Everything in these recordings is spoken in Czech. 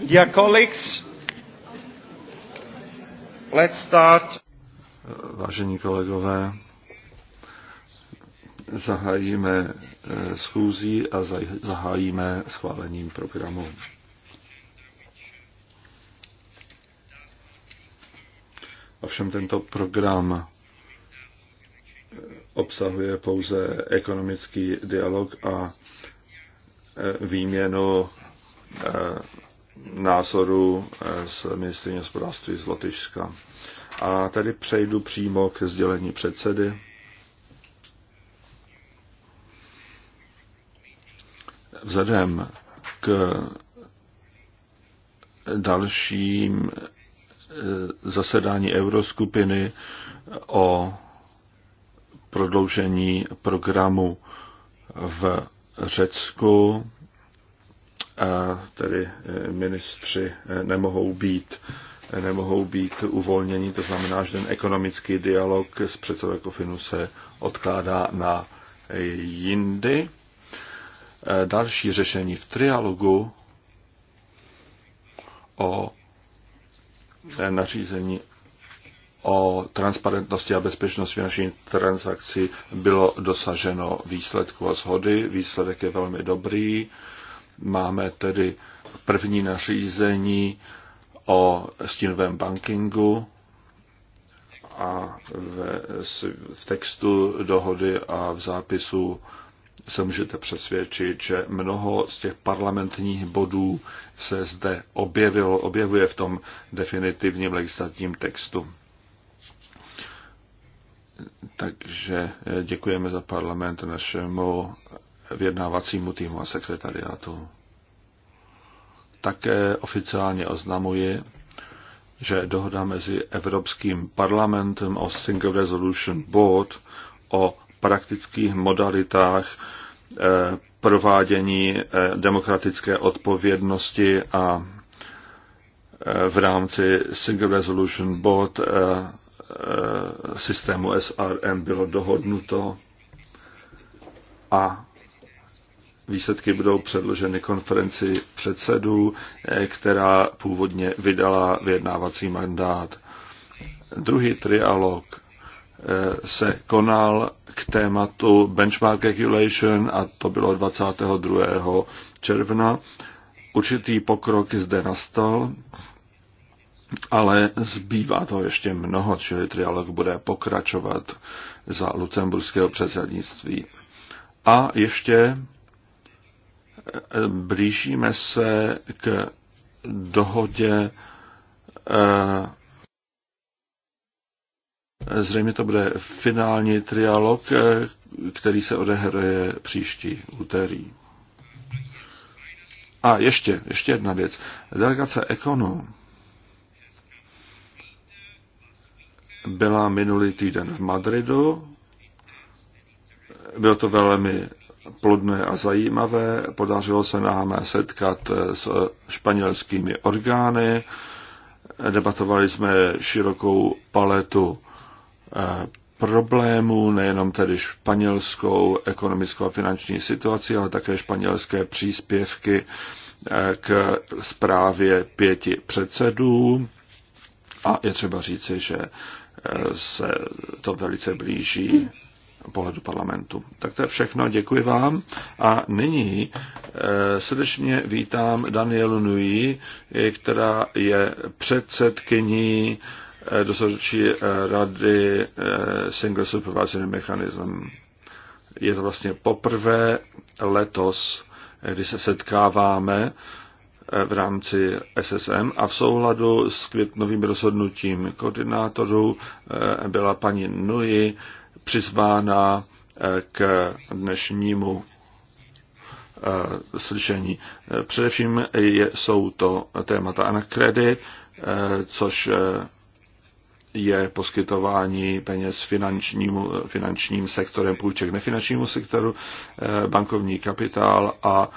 Dear colleagues, let's start. Vážení kolegové, zahájíme eh, schůzí a zahájíme schválením programu. Ovšem tento program eh, obsahuje pouze ekonomický dialog a eh, výměnu Eh, názoru z eh, ministrině hospodářství z Lotyšska. A tady přejdu přímo ke sdělení předsedy. Vzhledem k dalším eh, zasedání euroskupiny o prodloužení programu v Řecku a tedy e, ministři e, nemohou být e, nemohou být uvolněni, to znamená, že ten ekonomický dialog s předsedou Ekofinu se odkládá na jindy. Další řešení v trialogu o nařízení o transparentnosti a bezpečnosti naší transakcí bylo dosaženo výsledku a shody. Výsledek je velmi dobrý. Máme tedy první nařízení o stínovém bankingu a v, v textu dohody a v zápisu se můžete přesvědčit, že mnoho z těch parlamentních bodů se zde objevilo, objevuje v tom definitivním legislativním textu. Takže děkujeme za parlament našemu vyjednávacímu týmu a sekretariátu. Také oficiálně oznamuji, že dohoda mezi Evropským parlamentem o Single Resolution Board o praktických modalitách eh, provádění eh, demokratické odpovědnosti a eh, v rámci Single Resolution Board systému SRM bylo dohodnuto a Výsledky budou předloženy konferenci předsedů, eh, která původně vydala vyjednávací mandát. Druhý trialog eh, se konal k tématu benchmark regulation a to bylo 22. června. Určitý pokrok zde nastal, ale zbývá to ještě mnoho, čili trialog bude pokračovat za lucemburského předsednictví. A ještě blížíme se k dohodě eh, Zřejmě to bude finální trialog, eh, který se odehraje příští úterý. A ještě, ještě jedna věc. Delegace Ekonu byla minulý týden v Madridu. Byl to velmi plodné a zajímavé. Podařilo se nám setkat s španělskými orgány. Debatovali jsme širokou paletu eh, problémů, nejenom tedy španělskou ekonomickou a finanční situaci, ale také španělské příspěvky eh, k zprávě pěti předsedů. A je třeba říci, že eh, se to velice blíží pohledu parlamentu. Tak to je všechno, děkuji vám. A nyní e, srdečně vítám Danielu Nui, eh, která je předsedkyní e, dozorčí e, rady e, Single Supervisory Mechanism. Je to vlastně poprvé letos, kdy se setkáváme v rámci SSM a v souladu s květnovým rozhodnutím koordinátorů byla paní Nui přizvána eh, k dnešnímu eh, slyšení. Především jsou to témata anakredy, eh, což je poskytování peněz finančnímu, finančním sektorem, půjček nefinančnímu sektoru, bankovní kapitál a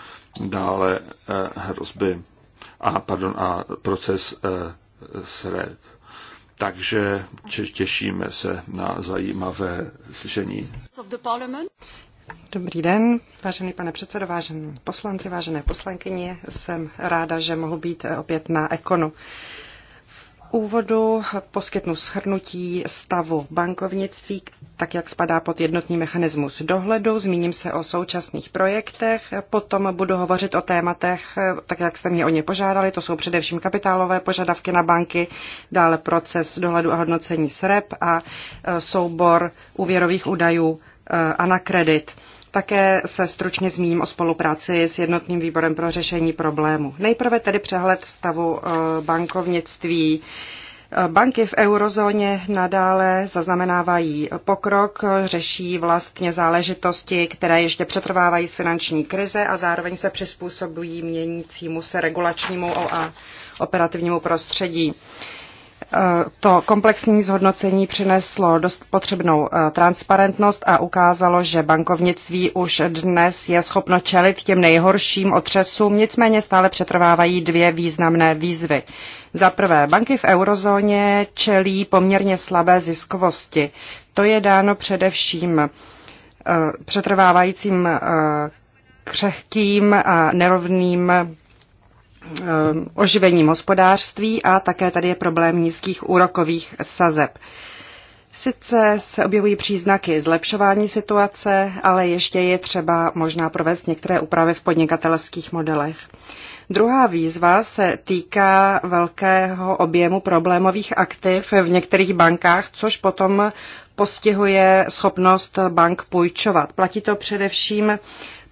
dále hrozby a, pardon, a proces SRED. Takže těšíme se na zajímavé slyšení. Dobrý den, vážený pane předsedo, vážení poslanci, vážené poslankyně. Jsem ráda, že mohu být opět na Ekonu úvodu poskytnu shrnutí stavu bankovnictví, tak jak spadá pod jednotný mechanismus dohledu. Zmíním se o současných projektech, potom budu hovořit o tématech, tak jak jste mě o ně požádali. To jsou především kapitálové požadavky na banky, dále proces dohledu a hodnocení SREP a e, soubor úvěrových údajů e, a na kredit. Také se stručně zmíním o spolupráci s jednotným výborem pro řešení problému. Nejprve tedy přehled stavu eh, bankovnictví. Eh, banky v eurozóně nadále zaznamenávají pokrok, řeší vlastně záležitosti, které ještě přetrvávají z finanční krize a zároveň se přizpůsobují měnícímu se regulačnímu a operativnímu prostředí to komplexní zhodnocení přineslo dost potřebnou eh, transparentnost a ukázalo, že bankovnictví už dnes je schopno čelit těm nejhorším otřesům, nicméně stále přetrvávají dvě významné výzvy. Za prvé, banky v eurozóně čelí poměrně slabé ziskovosti. To je dáno především eh, přetrvávajícím eh, křehkým a nerovným Eh, oživením hospodářství a také tady je problém nízkých úrokových sazeb. Sice se objevují příznaky zlepšování situace, ale ještě je třeba možná provést některé úpravy v podnikatelských modelech. Druhá výzva se týká velkého objemu problémových aktiv v některých bankách, což potom postihuje schopnost bank půjčovat. Platí to především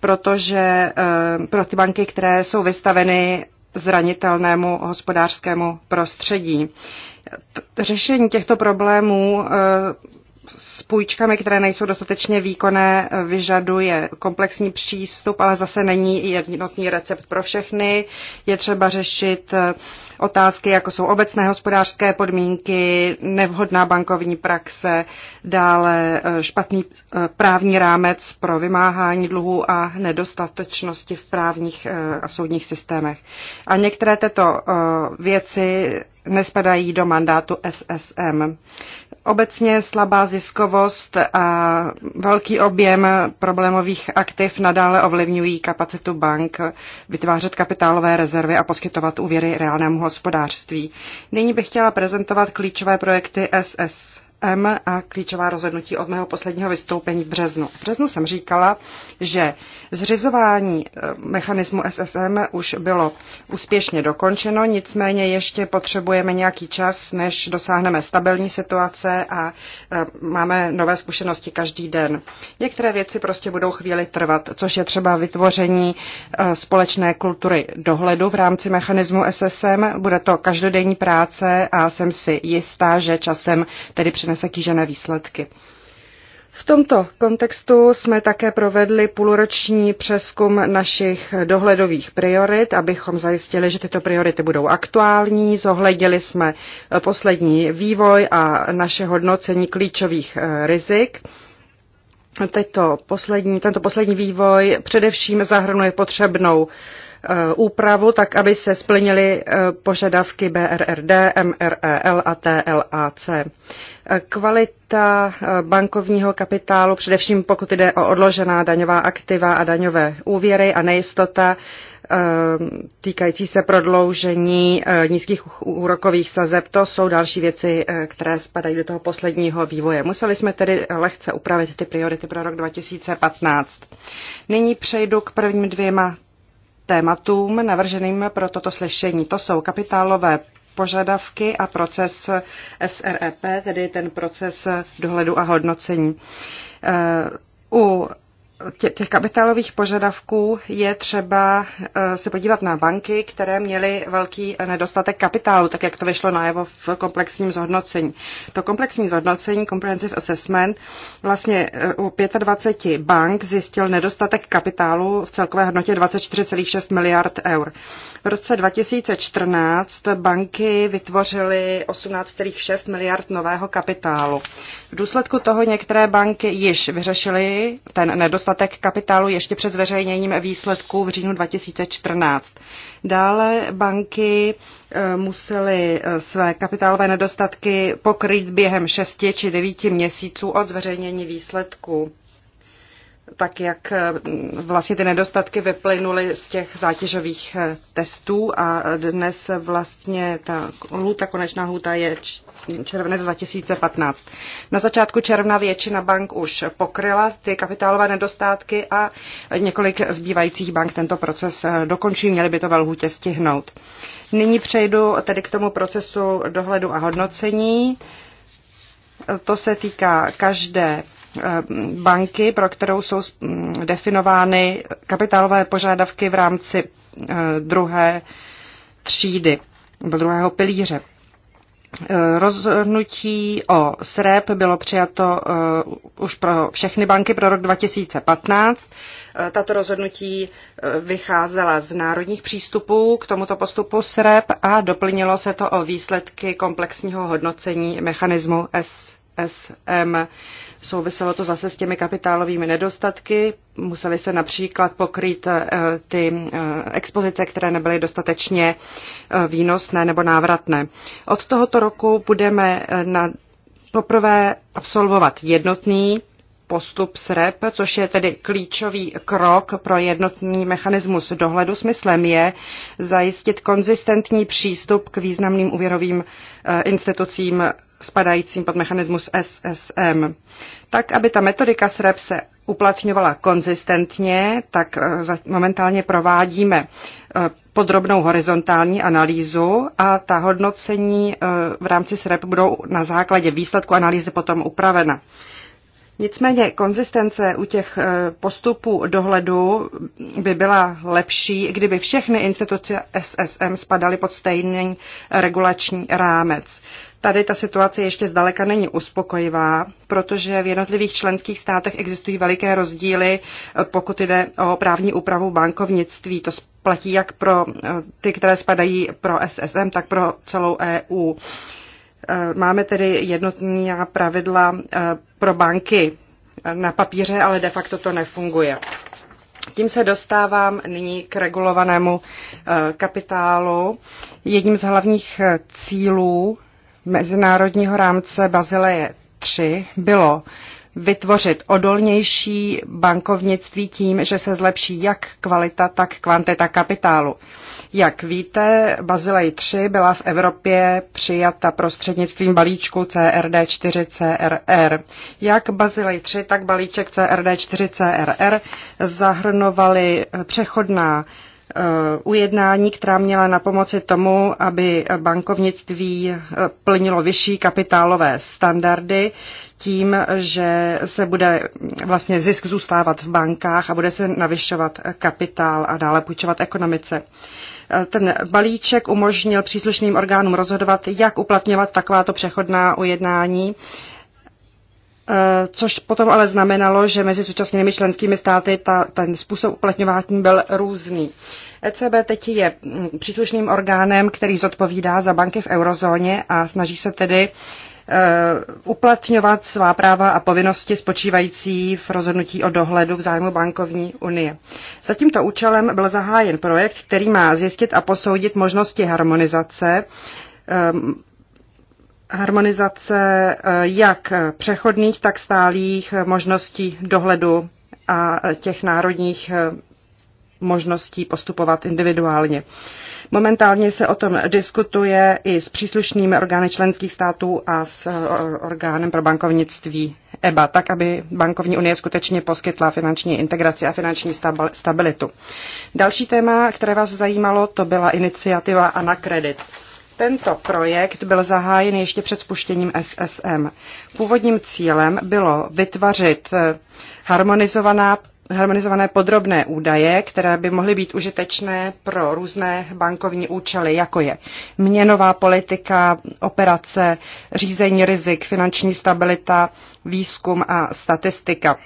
protože eh, pro ty banky, které jsou vystaveny zranitelnému hospodářskému prostředí. Řešení těchto problémů eh, s půjčkami, které nejsou dostatečně výkonné, vyžaduje komplexní přístup, ale zase není jednotný recept pro všechny. Je třeba řešit eh, otázky, jako jsou obecné hospodářské podmínky, nevhodná bankovní praxe, dále eh, špatný eh, právní rámec pro vymáhání dluhů a nedostatečnosti v právních a soudních systémech. A některé této věci nespadají do mandátu SSM. Obecně slabá ziskovost a velký objem problémových aktiv nadále ovlivňují kapacitu bank vytvářet kapitálové rezervy a poskytovat úvěry reálnému hospodářství. Nyní bych chtěla prezentovat klíčové projekty SSM M a klíčová rozhodnutí od mého posledního vystoupení v březnu. V březnu jsem říkala, že zřizování eh, mechanismu SSM už bylo úspěšně dokončeno, nicméně ještě potřebujeme nějaký čas, než dosáhneme stabilní situace a eh, máme nové zkušenosti každý den. Některé věci prostě budou chvíli trvat, což je třeba vytvoření eh, společné kultury dohledu v rámci mechanismu SSM. Bude to každodenní práce a jsem si jistá, že časem tedy při přinese kýžené výsledky. V tomto kontextu jsme také provedli půlroční přeskum našich dohledových priorit, abychom zajistili, že tyto priority budou aktuální. Zohlednili jsme poslední vývoj a naše hodnocení klíčových eh, rizik. Tento poslední, tento poslední vývoj především zahrnuje potřebnou Eh, úpravu, tak aby se splnily eh, požadavky BRRD, MREL a TLAC. Eh, kvalita bankovního kapitálu, především pokud jde o odložená daňová aktiva a daňové úvěry a nejistota, týkající se prodloužení nízkých úrokových sazeb, to jsou další věci, které spadají do toho posledního vývoje. Museli jsme tedy lehce upravit ty priority pro rok 2015. Nyní přejdu k prvním dvěma tématům navrženým pro toto slyšení. To jsou kapitálové požadavky a proces SREP, tedy ten proces dohledu a hodnocení. Eh, u těch kapitálových požadavků je třeba eh, se podívat na banky, které měly velký nedostatek kapitálu, tak jak to vyšlo najevo v komplexním zhodnocení. To komplexní zhodnocení, comprehensive assessment, vlastně eh, u 25 bank zjistil nedostatek kapitálu v celkové hodnotě 24,6 miliard eur. V roce 2014 banky vytvořily 18,6 miliard nového kapitálu. V důsledku toho některé banky již vyřešily ten nedostatek kapitálu ještě před zveřejněním výsledků v říjnu 2014. Dále banky eh, musely eh, své kapitálové nedostatky pokrýt během 6 či 9 měsíců od zveřejnění výsledků tak jak eh, vlastně ty nedostatky vyplynuly z těch zátěžových eh, testů a eh, dnes vlastně ta lhůta, konečná lhůta je červenec 2015. Na začátku června většina bank už pokryla ty kapitálové nedostatky a několik zbývajících bank tento proces dokončí, měly by to ve lhůtě stihnout. Nyní přejdu tedy k tomu procesu dohledu a hodnocení. To se týká každé Eh, banky, pro kterou jsou definovány kapitálové požádavky v rámci eh, druhé třídy nebo druhého pilíře. Eh, rozhodnutí o SREP bylo přijato už pro všechny banky pro rok 2015. Tato rozhodnutí vycházela z národních přístupů k tomuto postupu SREP a doplnilo se to o výsledky komplexního hodnocení mechanismu S. SM. Souviselo to zase s těmi kapitálovými nedostatky. Museli se například pokrýt eh, ty eh, expozice, které nebyly dostatečně eh, výnosné nebo návratné. Od tohoto roku budeme na poprvé absolvovat jednotný postup SREP, což je tedy klíčový krok pro jednotný mechanismus dohledu. Smyslem je zajistit konzistentní přístup k významným úvěrovým institucím spadajícím pod mechanismus SSM. Tak, aby ta metodika SREP se uplatňovala konzistentně, tak eh, momentálně provádíme eh, podrobnou horizontální analýzu a ta hodnocení eh, v rámci SREP budou na základě výsledku analýzy potom upravena. Nicméně konzistence u těch postupů dohledu by byla lepší, kdyby všechny instituce SSM spadaly pod stejný regulační rámec. Tady ta situace ještě zdaleka není uspokojivá, protože v jednotlivých členských státech existují veliké rozdíly, pokud jde o právní úpravu bankovnictví. To platí jak pro eh, ty, které spadají pro SSM, tak pro celou EU. Eh, máme tedy jednotná pravidla eh, pro banky na papíře, ale de facto to nefunguje. Tím se dostávám nyní k regulovanému kapitálu. Jedním z hlavních cílů mezinárodního rámce Bazileje 3 bylo vytvořit odolnější bankovnictví tím, že se zlepší jak kvalita, tak kvantita kapitálu. Jak víte, Bazilej 3 byla v Evropě přijata prostřednictvím balíčku CRD4CRR. Jak Bazilej 3, tak balíček CRD4CRR zahrnovaly přechodná Eh, ujednání, která měla na pomoci tomu, aby bankovnictví eh, plnilo vyšší kapitálové standardy tím, že se bude vlastně zisk zůstávat v bankách a bude se navyšovat kapitál a dále půjčovat ekonomice. Eh, ten balíček umožnil příslušným orgánům rozhodovat, jak uplatňovat takováto přechodná ujednání Eh, což potom ale znamenalo, že mezi současnými členskými státy ta, ten způsob uplatňování byl různý. ECB teď je mm, příslušným orgánem, který zodpovídá za banky v eurozóně a snaží se tedy eh, uplatňovat svá práva a povinnosti spočívající v rozhodnutí o dohledu v zájmu bankovní unie. Za tímto účelem byl zahájen projekt, který má zjistit a posoudit možnosti harmonizace ehm, harmonizace eh, jak přechodných, tak stálých možností dohledu a eh, těch národních eh, možností postupovat individuálně. Momentálně se o tom diskutuje i s příslušnými orgány členských států a s orgánem pro bankovnictví EBA, tak aby bankovní unie skutečně poskytla finanční integraci a finanční stabilitu. Další téma, které vás zajímalo, to byla iniciativa Anakredit. Kredit. Tento projekt byl zahájen ještě před spuštěním SSM. Původním cílem bylo vytvořit eh, harmonizovaná harmonizované podrobné údaje, které by mohly být užitečné pro různé bankovní účely, jako je měnová politika, operace, řízení rizik, finanční stabilita, výzkum a statistika.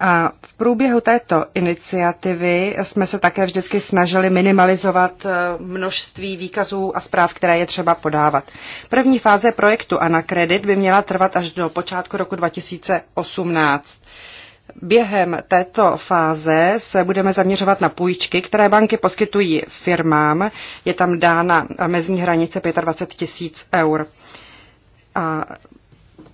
A v průběhu této iniciativy jsme se také vždycky snažili minimalizovat eh, množství výkazů a zpráv, které je třeba podávat. První fáze projektu a na kredit by měla trvat až do počátku roku 2018. Během této fáze se budeme zaměřovat na půjčky, které banky poskytují firmám. Je tam dána mezní hranice 25 tisíc eur. A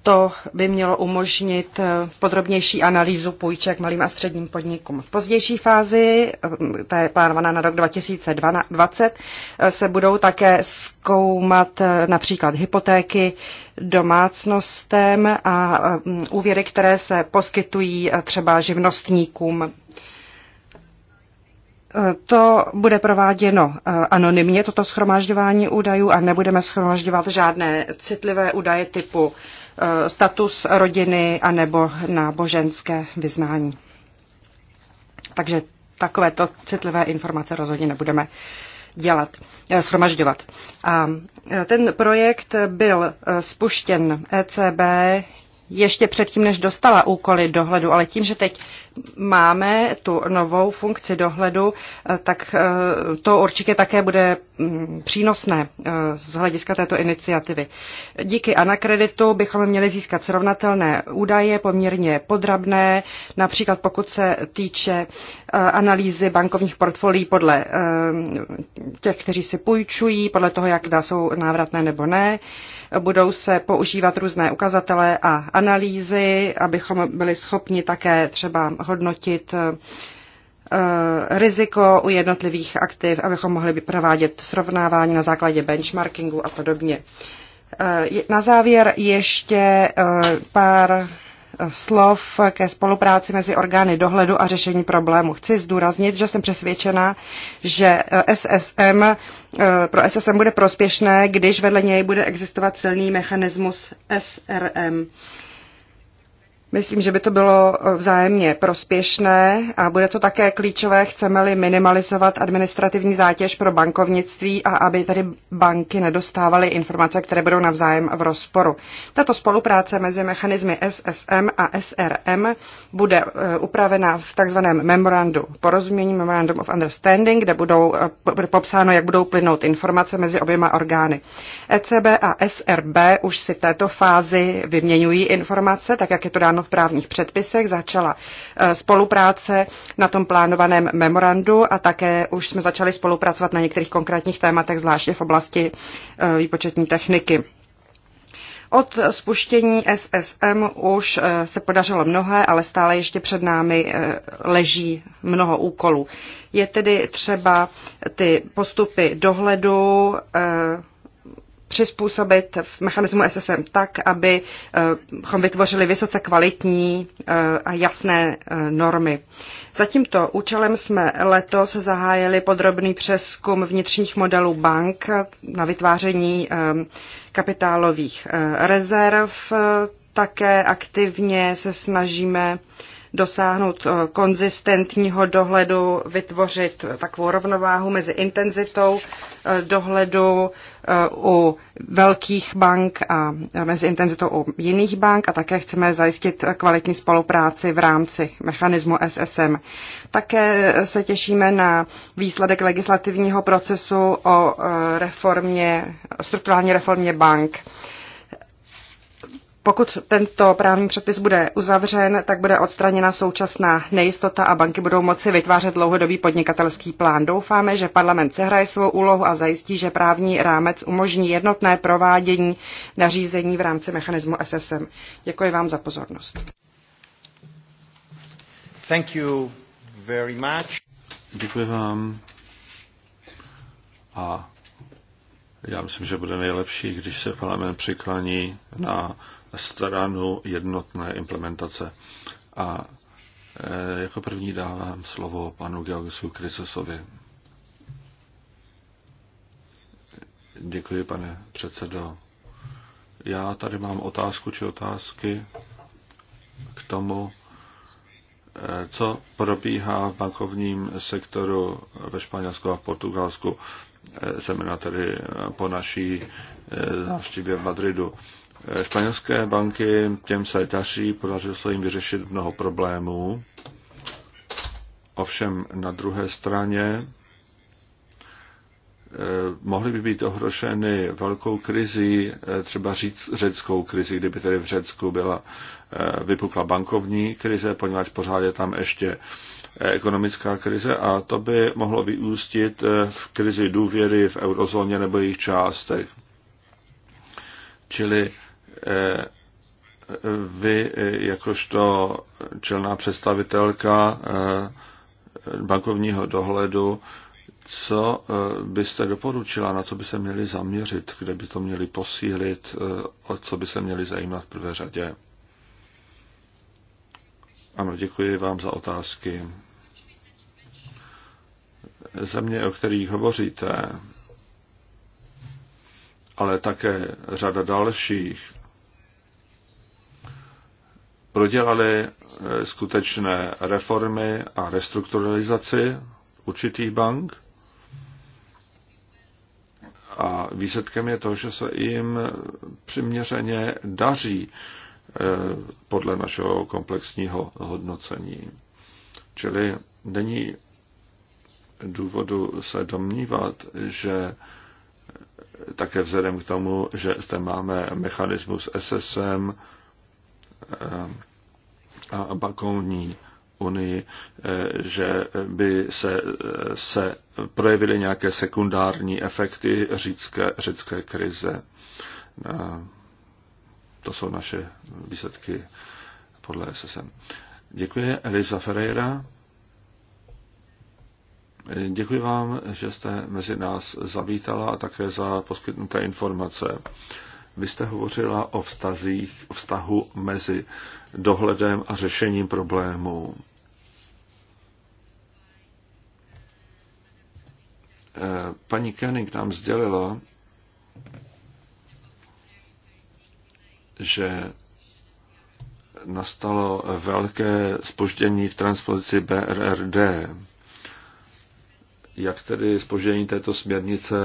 to by mělo umožnit eh, podrobnější analýzu půjček malým a středním podnikům. V pozdější fázi, eh, ta je plánovaná na rok 2020, eh, se budou také zkoumat například hypotéky domácnostem a mm, úvěry, které se poskytují třeba živnostníkům. To bude prováděno anonymně, toto schromažďování údajů, a nebudeme schromažďovat žádné citlivé údaje typu Eh, status rodiny anebo náboženské vyznání. Takže takovéto citlivé informace rozhodně nebudeme dělat, eh, shromažďovat. A eh, ten projekt byl spuštěn ECB ještě předtím, než dostala úkoly dohledu, ale tím, že teď máme tu novou funkci dohledu, eh, tak eh, to určitě také bude mm, přínosné eh, z hlediska této iniciativy. Díky Anakreditu bychom měli získat srovnatelné údaje, poměrně podrabné, například pokud se týče analýzy bankovních portfolií podle těch, kteří si půjčují, podle toho, jak dá jsou návratné nebo ne budou se používat různé ukazatele a analýzy, abychom byli schopni také třeba hodnotit eh, riziko u jednotlivých aktiv, abychom mohli provádět srovnávání na základě benchmarkingu a podobně. Eh, na závěr ještě eh, pár slov ke spolupráci mezi orgány dohledu a řešení problému. Chci zdůraznit, že jsem přesvědčena, že eh, SSM, eh, pro SSM bude prospěšné, když vedle něj bude existovat silný mechanismus SRM. Myslím, že by to bylo e, vzájemně prospěšné a bude to také klíčové, chceme-li minimalizovat administrativní zátěž pro bankovnictví a aby tedy banky nedostávaly informace, které budou navzájem v rozporu. Tato spolupráce mezi mechanismy SSM a SRM bude e, upravena v takzvaném memorandu porozumění, memorandum of understanding, kde budou e, popsáno, jak budou plynout informace mezi oběma orgány. ECB a SRB už si této fázi vyměňují informace, tak jak je to dáno v právních předpisech. Začala eh, spolupráce na tom plánovaném memorandu a také už jsme začali spolupracovat na některých konkrétních tématech, zvláště v oblasti eh, výpočetní techniky. Od spuštění SSM už eh, se podařilo mnohé, ale stále ještě před námi leží mnoho úkolů. Je tedy třeba ty postupy dohledu přizpůsobit v mechanismu SSM tak, abychom eh, vytvořili vysoce kvalitní eh, a jasné eh, normy. Za tímto účelem jsme letos zahájili podrobný přeskum vnitřních modelů bank na vytváření kapitálových rezerv. Také aktivně se snažíme dosáhnout konzistentního dohledu, vytvořit takovou rovnováhu mezi intenzitou dohledu eh, u velkých bank a mezi intenzitou u jiných bank a také chceme zajistit kvalitní spolupráci v rámci mechanismu SSM. Také se těšíme na výsledek legislativního procesu o eh, reformě, strukturální reformě bank pokud tento právní předpis bude uzavřen, tak bude odstraněna současná nejistota a banky budou moci vytvářet dlouhodobý podnikatelský plán. Doufáme, že parlament sehraje svou úlohu a zajistí, že právní rámec umožní jednotné provádění nařízení v rámci mechanismu SSM. Děkuji vám za pozornost. Thank you very much. Děkuji vám. A já myslím, že bude nejlepší, když se parlament přiklaní na stranu jednotné implementace. A e, jako první dávám slovo panu Georgisu Krysosovi. Děkuji, pane předsedo. Já tady mám otázku či otázky k tomu, e, co probíhá v bankovním sektoru ve Španělsku a v Portugalsku, e, zejména tedy po naší návštěvě v Madridu. Španělské banky, těm se daří, podařilo se jim vyřešit mnoho problémů. Ovšem na druhé straně eh, mohly by být ohrošeny velkou krizí, eh, třeba říct řeckou krizi, kdyby tedy v Řecku byla eh, vypukla bankovní krize, poněvadž pořád je tam ještě ekonomická krize a to by mohlo vyústit v krizi důvěry v eurozóně nebo jejich částech. Čili vy jakožto čelná představitelka eh, bankovního dohledu, co eh, byste doporučila, na co by se měli zaměřit, kde by to měli posílit, eh, o co by se měli zajímat v prvé řadě? Ano, děkuji vám za otázky. Země, o kterých hovoříte, ale také řada dalších, prodělali eh, skutečné reformy a restrukturalizaci určitých bank. A výsledkem je to, že se jim přiměřeně daří eh, podle našeho komplexního hodnocení. Čili není důvodu se domnívat, že eh, také vzhledem k tomu, že zde máme mechanismus SSM, a bankovní unii, e, že by se, se projevily nějaké sekundární efekty řecké, řecké krize. E, to jsou naše výsledky podle SSM. Děkuji, Eliza Ferreira. Děkuji vám, že jste mezi nás zavítala a také za poskytnuté informace. Vy jste hovořila o vztazích, o vztahu mezi dohledem a řešením problémů. Eh, paní Kenning nám sdělila, že nastalo velké spoždění v transpozici BRRD. Jak tedy spoždění této směrnice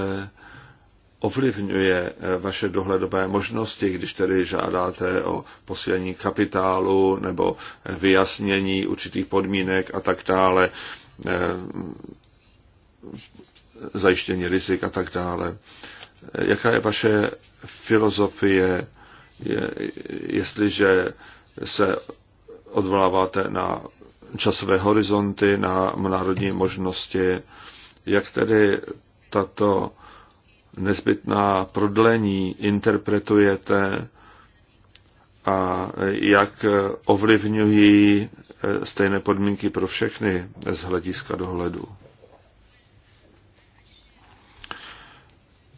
ovlivňuje eh, vaše dohledové možnosti, když tedy žádáte o posílení kapitálu nebo eh, vyjasnění určitých podmínek a tak dále, eh, zajištění rizik a tak dále. Jaká je vaše filozofie, jestliže se odvoláváte na časové horizonty, na národní možnosti, jak tedy tato nezbytná prodlení interpretujete a jak ovlivňují eh, stejné podmínky pro všechny z hlediska dohledu.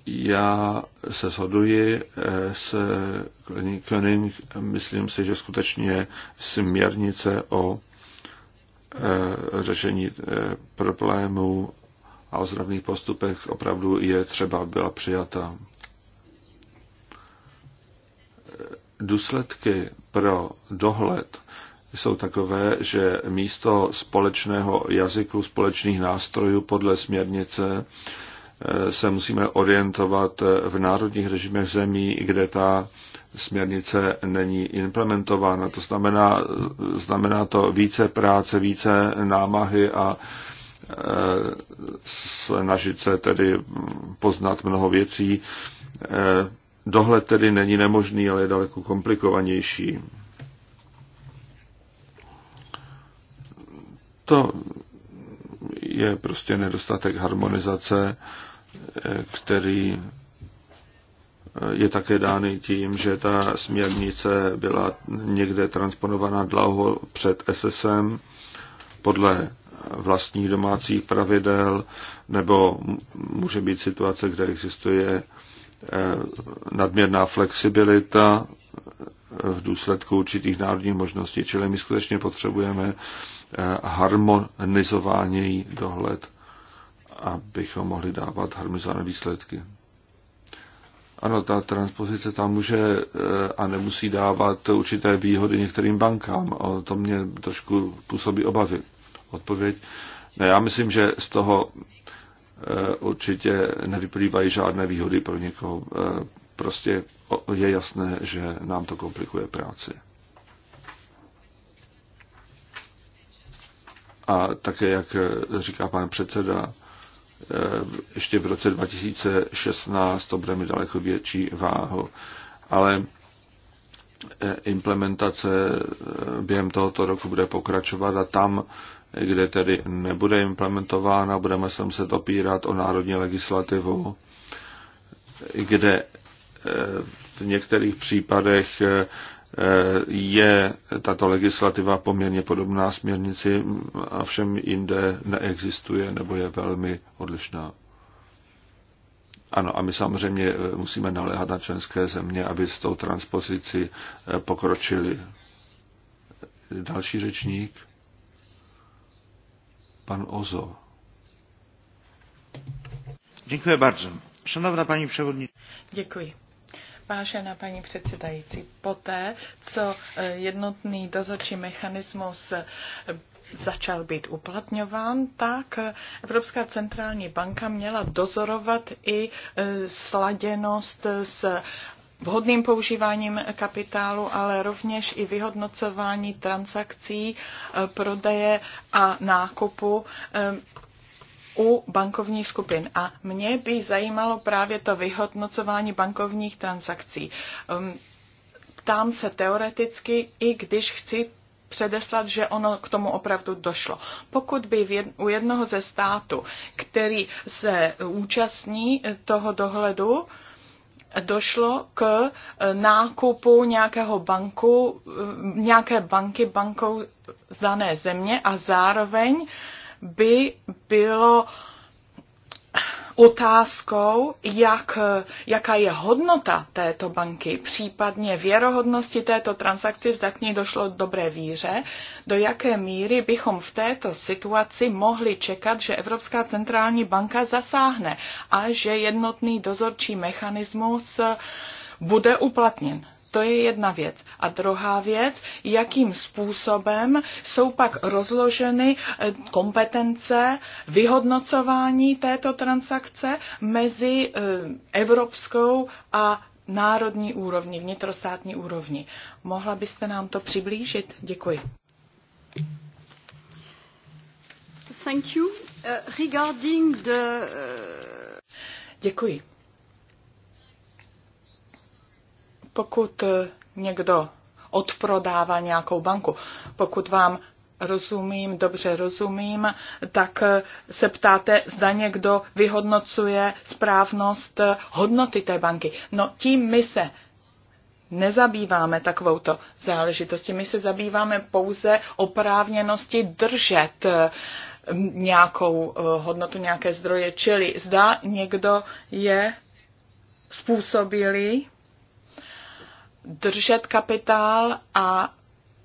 Já se shoduji eh, s Koenig, myslím si, že skutečně směrnice o eh, řešení problémů a ozdravných postupech opravdu je třeba byla přijata. Důsledky pro dohled jsou takové, že místo společného jazyku, společných nástrojů podle směrnice eh, se musíme orientovat v národních režimech zemí, kde ta směrnice není implementována. To znamená, eh, znamená to více práce, více námahy a snažit se tedy poznat mnoho věcí. Dohled tedy není nemožný, ale je daleko komplikovanější. To je prostě nedostatek harmonizace, který je také dány tím, že ta směrnice byla někde transponovaná dlouho před SSM podle vlastních domácích pravidel, nebo může být situace, kde existuje eh, nadměrná flexibilita eh, v důsledku určitých národních možností, čili my skutečně potřebujeme eh, harmonizování dohled, abychom mohli dávat harmonizované výsledky. Ano, ta transpozice tam může a nemusí dávat určité výhody některým bankám. O to mě trošku působí obavy odpověď. Já myslím, že z toho eh, určitě nevyplývají žádné výhody pro někoho. Eh, prostě je jasné, že nám to komplikuje práci. A také, jak eh, říká pan předseda, ještě v roce 2016 to bude mít daleko větší váhu. Ale implementace během tohoto roku bude pokračovat a tam kde tedy nebude implementována, budeme se muset opírat o národní legislativu, kde eh, v některých případech eh, je tato legislativa poměrně podobná směrnici, a všem jinde neexistuje nebo je velmi odlišná. Ano, a my samozřejmě eh, musíme naléhat na členské země, aby s tou transpozicí pokročili. Další řečník pan Ozo. Děkuji bardzo. Szanowna pani przewodnicząca. Dziękuję. Vážená paní předsedající, poté, co e, jednotný dozorčí mechanismus e, začal být uplatňován, tak Evropská centrální banka měla dozorovat i e, sladěnost s vhodným používáním kapitálu, ale rovněž i vyhodnocování transakcí, eh, prodeje a nákupu eh, u bankovních skupin. A mě by zajímalo právě to vyhodnocování bankovních transakcí. Ehm, ptám se teoreticky, i když chci předeslat, že ono k tomu opravdu došlo. Pokud by u jednoho ze států, který se účastní eh, toho dohledu, došlo k eh, nákupu nějakého banku, eh, nějaké banky bankou z dané země a zároveň by bylo otázkou, jak, jaká je hodnota této banky, případně věrohodnosti této transakce, zda k ní došlo dobré víře, do jaké míry bychom v této situaci mohli čekat, že Evropská centrální banka zasáhne a že jednotný dozorčí mechanismus bude uplatněn. To je jedna věc. A druhá věc, jakým způsobem jsou pak rozloženy eh, kompetence vyhodnocování této transakce mezi eh, evropskou a národní úrovni, vnitrostátní úrovni. Mohla byste nám to přiblížit? Děkuji. Thank you. Uh, regarding the... Uh, Děkuji. Pokud eh, někdo odprodává nějakou banku, pokud vám rozumím, dobře rozumím, tak eh, se ptáte, zda někdo vyhodnocuje správnost eh, hodnoty té banky. No tím my se nezabýváme takovouto záležitostí. My se zabýváme pouze oprávněnosti držet nějakou hodnotu, nějaké zdroje, čili zda někdo je způsobilý držet kapitál a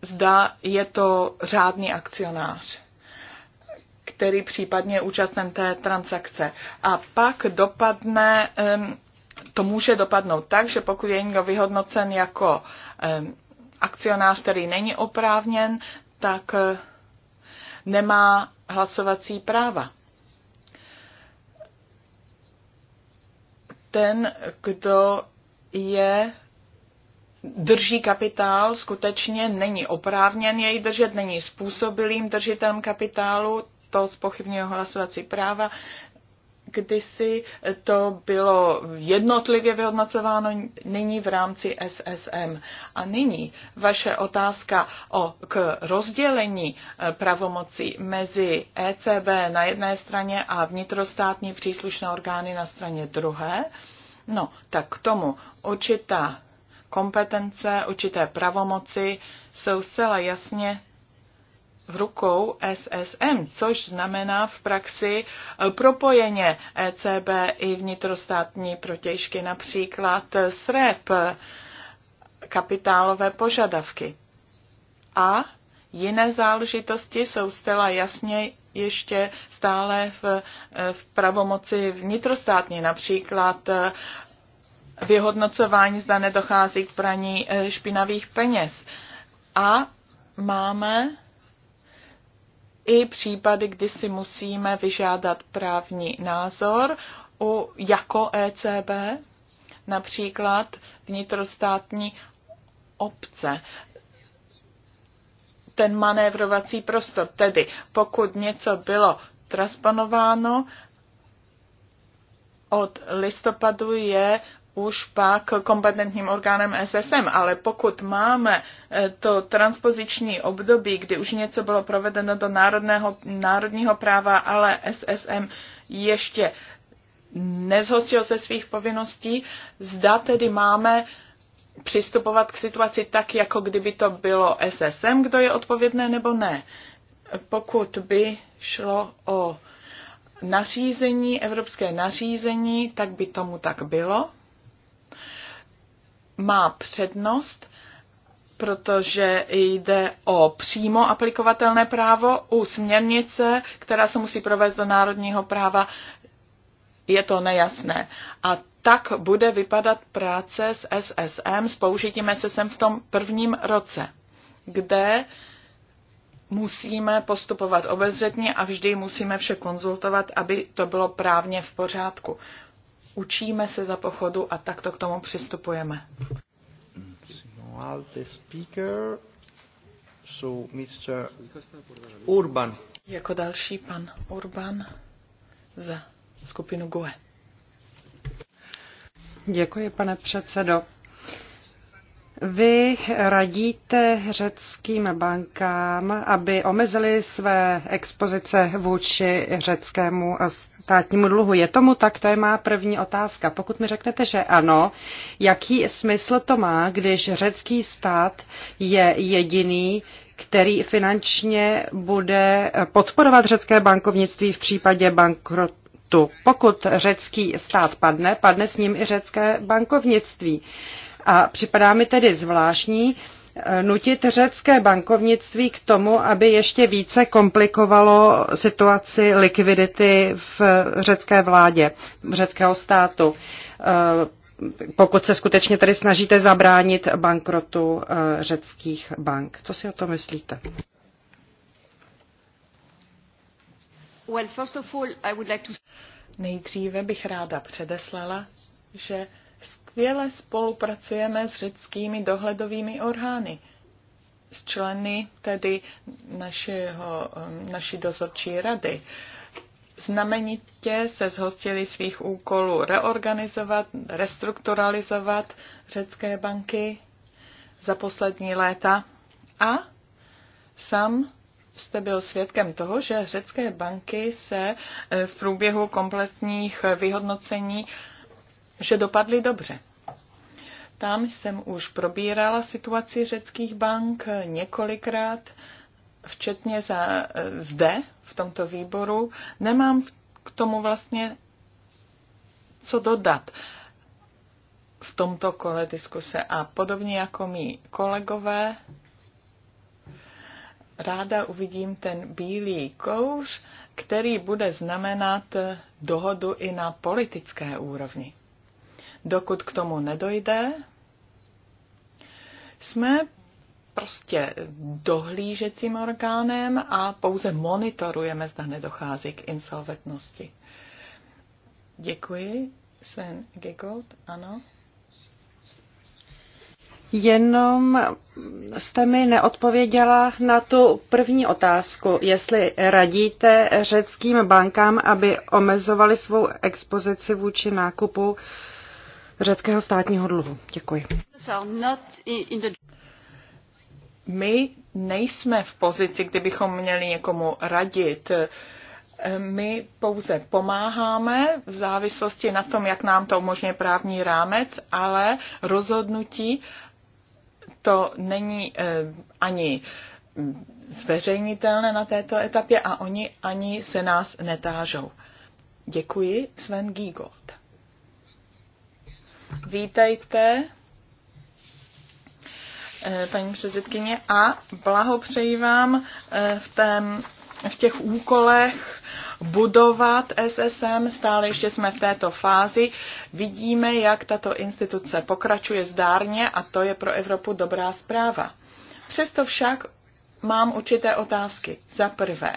zda je to řádný akcionář, který případně je účastnem té transakce. A pak dopadne, to může dopadnout tak, že pokud je někdo vyhodnocen jako akcionář, který není oprávněn, tak eh, nemá hlasovací práva. Ten, kdo je drží kapitál, skutečně není oprávněn jej držet, není způsobilým držitelem kapitálu, to spochybňuje hlasovací práva. Kdysi to bylo jednotlivě vyhodnocováno, nyní v rámci SSM. A nyní vaše otázka o, k rozdělení eh, pravomocí mezi ECB na jedné straně a vnitrostátní příslušné orgány na straně druhé. No, tak k tomu určitá kompetence, určité pravomoci jsou zcela jasně v rukou SSM, což znamená v praxi eh, propojeně ECB i vnitrostátní protěžky, například eh, SREP, kapitálové požadavky. A jiné záležitosti jsou zcela jasně ještě stále v, eh, v pravomoci vnitrostátní, například vyhodnocování, zda nedochází k praní eh, špinavých peněz. A máme i případy, kdy si musíme vyžádat právní názor u, jako ECB, například vnitrostátní obce. Ten manévrovací prostor, tedy pokud něco bylo transponováno, od listopadu je už pak kompetentním orgánem SSM, ale pokud máme e, to transpoziční období, kdy už něco bylo provedeno do národného, národního práva, ale SSM ještě nezhostil se svých povinností, zda tedy máme přistupovat k situaci tak, jako kdyby to bylo SSM, kdo je odpovědné nebo ne. Pokud by šlo o nařízení, evropské nařízení, tak by tomu tak bylo má přednost, protože jde o přímo aplikovatelné právo u směrnice, která se musí provést do národního práva, je to nejasné. A tak bude vypadat práce s SSM, s použitím SSM v tom prvním roce, kde musíme postupovat obezřetně a vždy musíme vše konzultovat, aby to bylo právně v pořádku. Učíme se za pochodu a takto k tomu přistupujeme. So, Mr. Urban. Jako další pan Urban za skupinu GUE. Děkuji, pane předsedo. Vy radíte řeckým bankám, aby omezili své expozice vůči řeckému státnímu dluhu. Je tomu tak? To je má první otázka. Pokud mi řeknete, že ano, jaký smysl to má, když řecký stát je jediný, který finančně bude podporovat řecké bankovnictví v případě bankrotu? Pokud řecký stát padne, padne s ním i řecké bankovnictví. A připadá mi tedy zvláštní eh, nutit řecké bankovnictví k tomu, aby ještě více komplikovalo situaci likvidity v řecké vládě, řeckého státu eh, pokud se skutečně tady snažíte zabránit bankrotu eh, řeckých bank. Co si o to myslíte? Nejdříve bych ráda předeslala, že Skvěle spolupracujeme s řeckými dohledovými orgány, s členy tedy našeho, eh, naší dozorčí rady. Znamenitě se zhostili svých úkolů reorganizovat, restrukturalizovat řecké banky za poslední léta a sám jste byl svědkem toho, že řecké banky se eh, v průběhu komplexních eh, vyhodnocení že dopadly dobře. Tam jsem už probírala situaci řeckých bank několikrát, včetně za, zde, v tomto výboru. Nemám k tomu vlastně co dodat v tomto kole diskuse. A podobně jako mý kolegové, ráda uvidím ten bílý kouř, který bude znamenat dohodu i na politické úrovni. Dokud k tomu nedojde, jsme prostě dohlížecím orgánem a pouze monitorujeme, zda nedochází k insolventnosti. Děkuji. Sven Giggold, ano. Jenom jste mi neodpověděla na tu první otázku, jestli radíte řeckým bankám, aby omezovali svou expozici vůči nákupu řeckého státního dluhu. Děkuji. My nejsme v pozici, kdybychom měli někomu radit. My pouze pomáháme v závislosti na tom, jak nám to umožňuje právní rámec, ale rozhodnutí to není eh, ani zveřejnitelné na této etapě a oni ani se nás netážou. Děkuji, Sven Giegold. Vítejte, eh, paní předsedkyně, a blahopřeji vám eh, v, tém, v těch úkolech budovat SSM. Stále ještě jsme v této fázi. Vidíme, jak tato instituce pokračuje zdárně a to je pro Evropu dobrá zpráva. Přesto však mám určité otázky. Za prvé,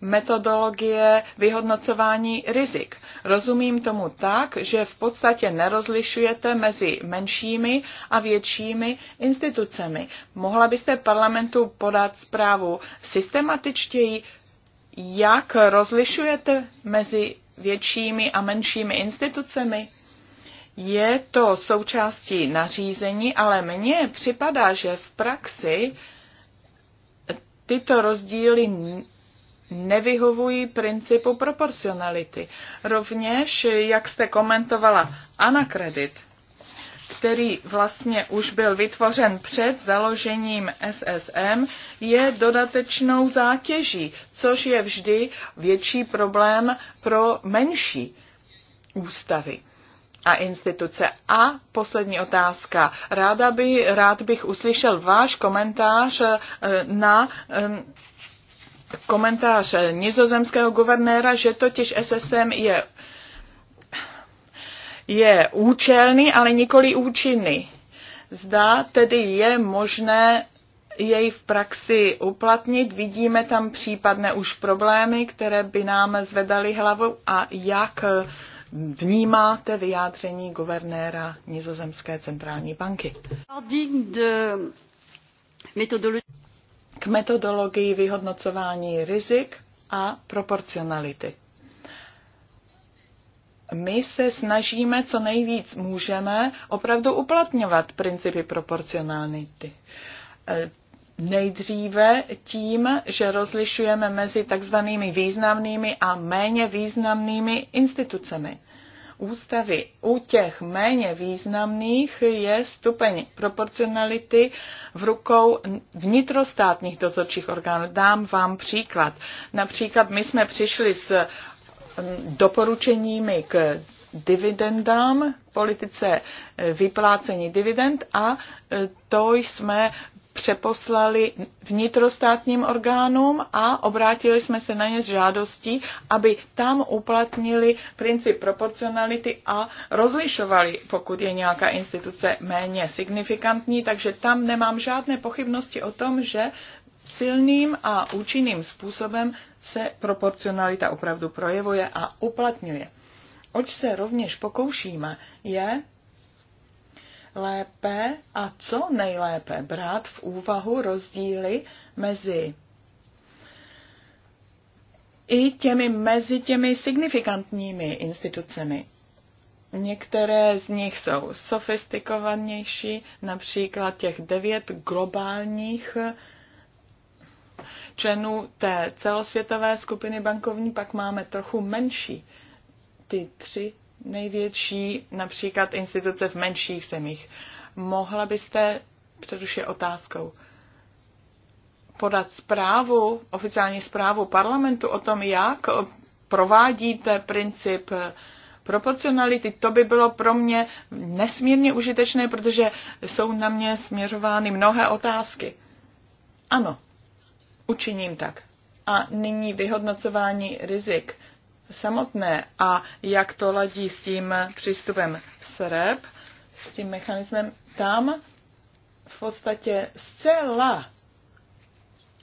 metodologie vyhodnocování rizik. Rozumím tomu tak, že v podstatě nerozlišujete mezi menšími a většími institucemi. Mohla byste parlamentu podat zprávu systematičtěji, jak rozlišujete mezi většími a menšími institucemi? Je to součástí nařízení, ale mně připadá, že v praxi tyto rozdíly nevyhovují principu proporcionality. Rovněž, jak jste komentovala, anakredit, který vlastně už byl vytvořen před založením SSM, je dodatečnou zátěží, což je vždy větší problém pro menší ústavy a instituce. A poslední otázka. Ráda by, rád bych uslyšel váš komentář eh, na komentář nizozemského guvernéra, že totiž SSM je, je účelný, ale nikoli účinný. Zda tedy je možné jej v praxi uplatnit. Vidíme tam případné už problémy, které by nám zvedaly hlavu a jak vnímáte vyjádření guvernéra Nizozemské centrální banky? K metodologii vyhodnocování rizik a proporcionality. My se snažíme, co nejvíc můžeme, opravdu uplatňovat principy proporcionality Nejdříve tím, že rozlišujeme mezi takzvanými významnými a méně významnými institucemi. Ústavy u těch méně významných je stupeň proporcionality v rukou vnitrostátních dozorčích orgánů. Dám vám příklad. Například my jsme přišli s mm, doporučeními k dividendám, politice e, vyplácení dividend a e, to jsme přeposlali vnitrostátním orgánům a obrátili jsme se na ně s žádostí, aby tam uplatnili princip proporcionality a rozlišovali, pokud je nějaká instituce méně signifikantní, takže tam nemám žádné pochybnosti o tom, že silným a účinným způsobem se proporcionalita opravdu projevuje a uplatňuje. Oč se rovněž pokoušíme, je lépe a co nejlépe brát v úvahu rozdíly mezi i těmi mezi těmi signifikantními institucemi. Některé z nich jsou sofistikovanější, například těch devět globálních členů té celosvětové skupiny bankovní, pak máme trochu menší, ty tři největší například instituce v menších zemích. Mohla byste, předuše otázkou, podat zprávu, oficiální zprávu parlamentu o tom, jak provádíte princip proporcionality, to by bylo pro mě nesmírně užitečné, protože jsou na mě směřovány mnohé otázky. Ano, učiním tak. A nyní vyhodnocování rizik samotné a jak to ladí s tím přístupem SREP, s tím mechanismem, tam v podstatě zcela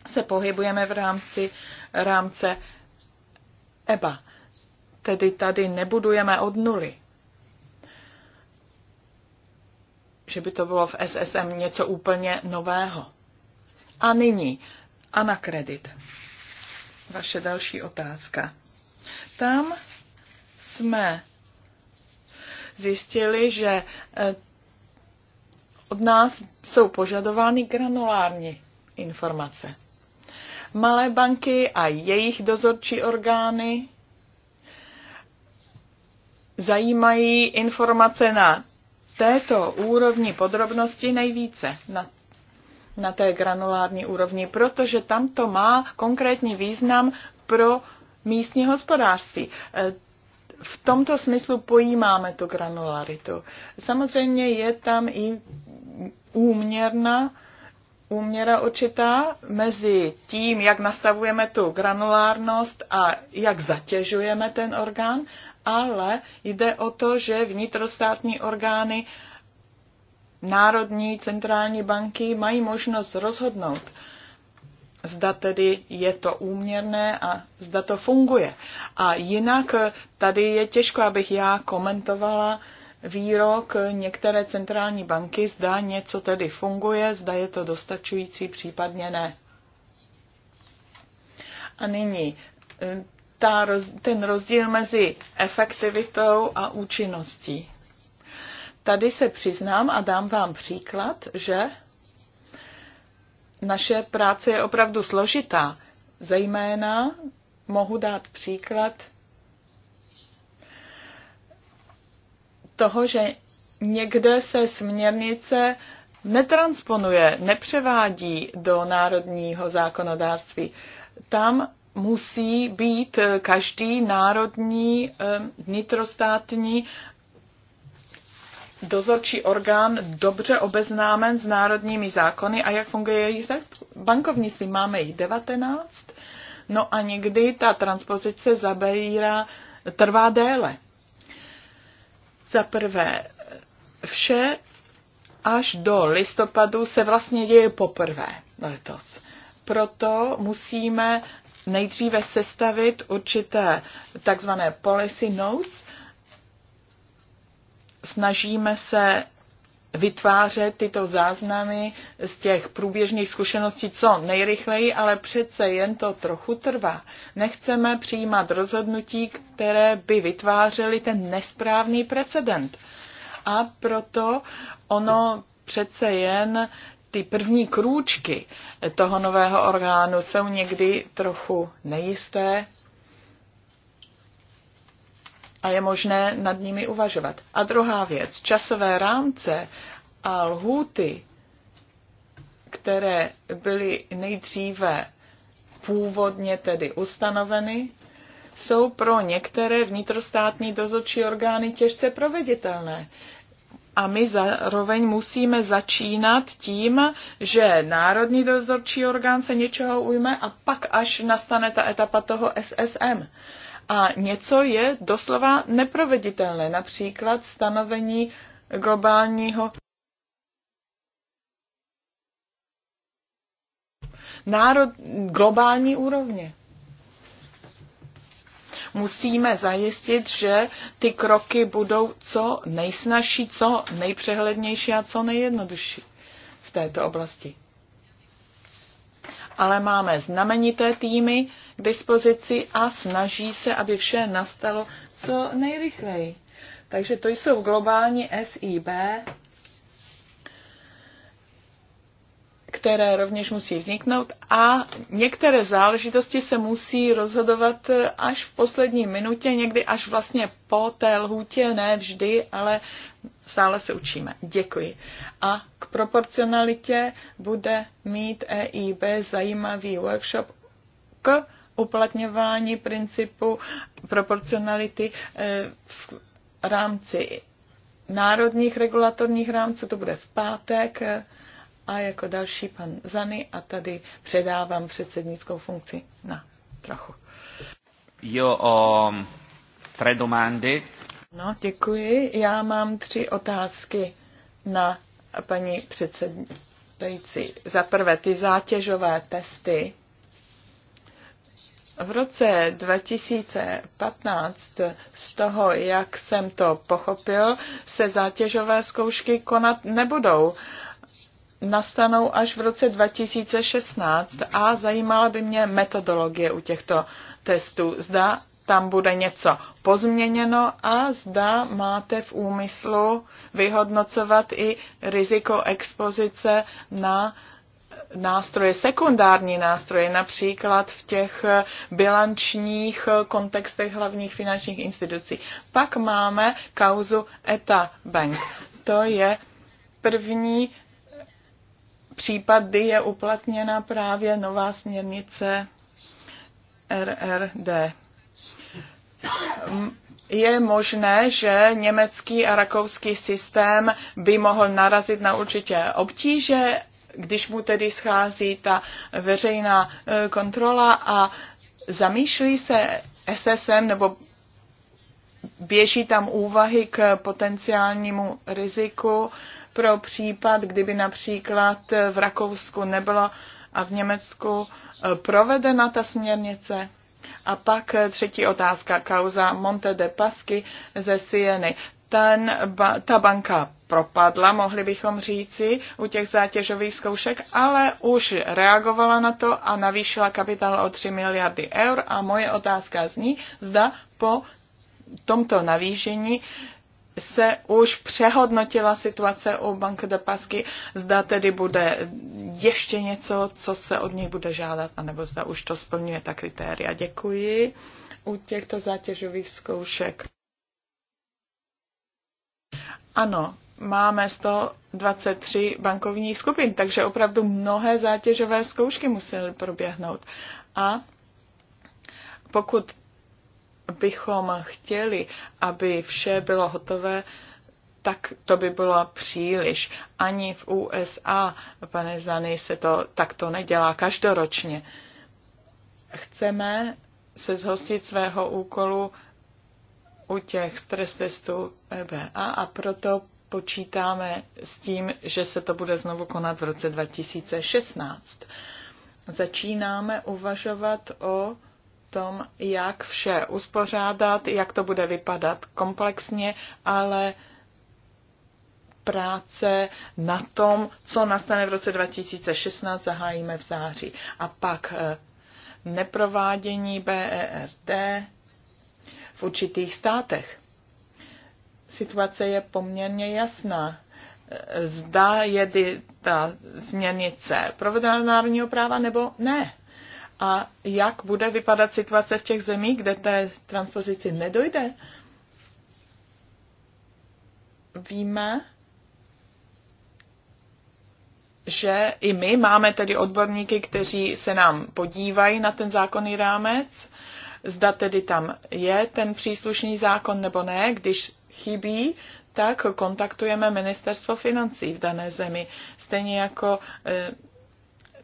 se pohybujeme v rámci rámce EBA. Tedy tady nebudujeme od nuly. Že by to bylo v SSM něco úplně nového. A nyní, a na kredit. Vaše další otázka. Tam jsme zjistili, že eh, od nás jsou požadovány granulární informace. Malé banky a jejich dozorčí orgány zajímají informace na této úrovni podrobnosti nejvíce, na, na té granulární úrovni, protože tam to má konkrétní význam pro místní hospodářství. E, v tomto smyslu pojímáme tu granularitu. Samozřejmě je tam i úměrna úměra určitá mezi tím, jak nastavujeme tu granulárnost a jak zatěžujeme ten orgán, ale jde o to, že vnitrostátní orgány Národní centrální banky mají možnost rozhodnout zda tedy je to úměrné a zda to funguje. A jinak eh, tady je těžko, abych já komentovala výrok eh, některé centrální banky, zda něco tedy funguje, zda je to dostačující, případně ne. A nyní eh, ta, ten rozdíl mezi efektivitou a účinností. Tady se přiznám a dám vám příklad, že naše práce je opravdu složitá. Zejména mohu dát příklad toho, že někde se směrnice netransponuje, nepřevádí do národního zákonodárství. Tam musí být každý národní eh, vnitrostátní dozorčí orgán dobře obeznámen s národními zákony a jak funguje jejich bankovnictví. Máme jich 19, no a někdy ta transpozice zabírá, trvá déle. Za prvé, vše až do listopadu se vlastně děje poprvé letos. Proto musíme nejdříve sestavit určité takzvané policy notes, snažíme se vytvářet tyto záznamy z těch průběžných zkušeností co nejrychleji, ale přece jen to trochu trvá. Nechceme přijímat rozhodnutí, které by vytvářely ten nesprávný precedent. A proto ono přece jen ty první krůčky toho nového orgánu jsou někdy trochu nejisté, a je možné nad nimi uvažovat. A druhá věc, časové rámce a lhůty, které byly nejdříve původně tedy ustanoveny, jsou pro některé vnitrostátní dozorčí orgány těžce proveditelné. A my zároveň musíme začínat tím, že Národní dozorčí orgán se něčeho ujme a pak až nastane ta etapa toho SSM a něco je doslova neproveditelné, například stanovení globálního národ, globální úrovně. Musíme zajistit, že ty kroky budou co nejsnažší, co nejpřehlednější a co nejjednodušší v této oblasti ale máme znamenité týmy k dispozici a snaží se, aby vše nastalo co nejrychleji. Takže to jsou globální SIB které rovněž musí vzniknout a některé záležitosti se musí rozhodovat eh, až v poslední minutě, někdy až vlastně po té lhůtě, ne vždy, ale stále se učíme. Děkuji. A k proporcionalitě bude mít EIB zajímavý workshop k uplatňování principu proporcionality eh, v rámci národních regulatorních rámců, to bude v pátek eh, a jako další pan Zany a tady předávám předsednickou funkci na trochu. Jo, o tre domandy. No, děkuji. Já mám tři otázky na paní předsedající. Za prvé, ty zátěžové testy. V roce 2015 z toho, jak jsem to pochopil, se zátěžové zkoušky konat nebudou nastanou až v roce 2016 a zajímala by mě metodologie u těchto testů. Zda tam bude něco pozměněno a zda máte v úmyslu vyhodnocovat i riziko expozice na nástroje, sekundární nástroje, například v těch bilančních kontextech hlavních finančních institucí. Pak máme kauzu ETA Bank. To je první případ, kdy je uplatněna právě nová směrnice RRD. Je možné, že německý a rakouský systém by mohl narazit na určitě obtíže, když mu tedy schází ta veřejná e, kontrola a zamýšlí se SSM nebo běží tam úvahy k potenciálnímu riziku pro případ, kdyby například v Rakousku nebylo a v Německu eh, provedena ta směrnice? A pak eh, třetí otázka, kauza Monte de Pasky ze Sieny. Ten, ba, ta banka propadla, mohli bychom říci, u těch zátěžových zkoušek, ale už reagovala na to a navýšila kapitál o 3 miliardy eur a moje otázka zní, zda po tomto navýšení se už přehodnotila situace u Banka de Pasky, zda tedy bude ještě něco, co se od něj bude žádat, anebo zda už to splňuje ta kritéria. Děkuji u těchto zátěžových zkoušek. Ano, máme 123 bankovních skupin, takže opravdu mnohé zátěžové zkoušky musely proběhnout. A pokud bychom chtěli, aby vše bylo hotové, tak to by bylo příliš. Ani v USA, pane Zany, se to takto nedělá každoročně. Chceme se zhostit svého úkolu u těch stres testů EBA a proto počítáme s tím, že se to bude znovu konat v roce 2016. Začínáme uvažovat o tom, jak vše uspořádat, jak to bude vypadat komplexně, ale práce na tom, co nastane v roce 2016, zahájíme v září. A pak eh, neprovádění BERD v určitých státech. Situace je poměrně jasná. Eh, zda je ta směrnice provedena národního práva nebo ne a jak bude vypadat situace v těch zemích, kde té transpozici nedojde. Víme, že i my máme tedy odborníky, kteří se nám podívají na ten zákonný rámec, zda tedy tam je ten příslušný zákon nebo ne. Když chybí, tak kontaktujeme ministerstvo financí v dané zemi. Stejně jako eh,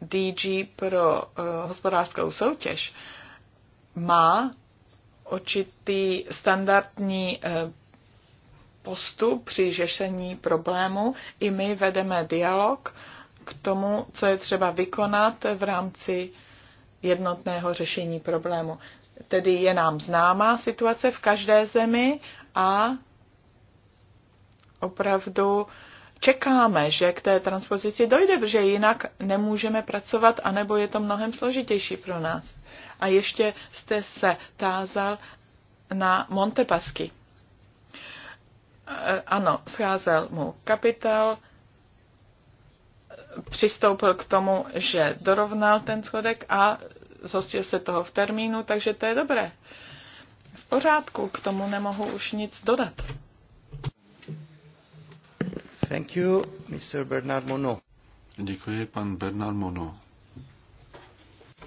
DG pro uh, hospodářskou soutěž má určitý standardní uh, postup při řešení problému. I my vedeme dialog k tomu, co je třeba vykonat v rámci jednotného řešení problému. Tedy je nám známá situace v každé zemi a opravdu uh, čekáme, že k té transpozici dojde, protože jinak nemůžeme pracovat, anebo je to mnohem složitější pro nás. A ještě jste se tázal na Montepasky. Eh, ano, scházel mu kapitál, přistoupil k tomu, že dorovnal ten schodek a zhostil se toho v termínu, takže to je dobré. V pořádku, k tomu nemohu už nic dodat. Thank you, Mr. Bernard Monod. Děkuji, pan Bernard Monod.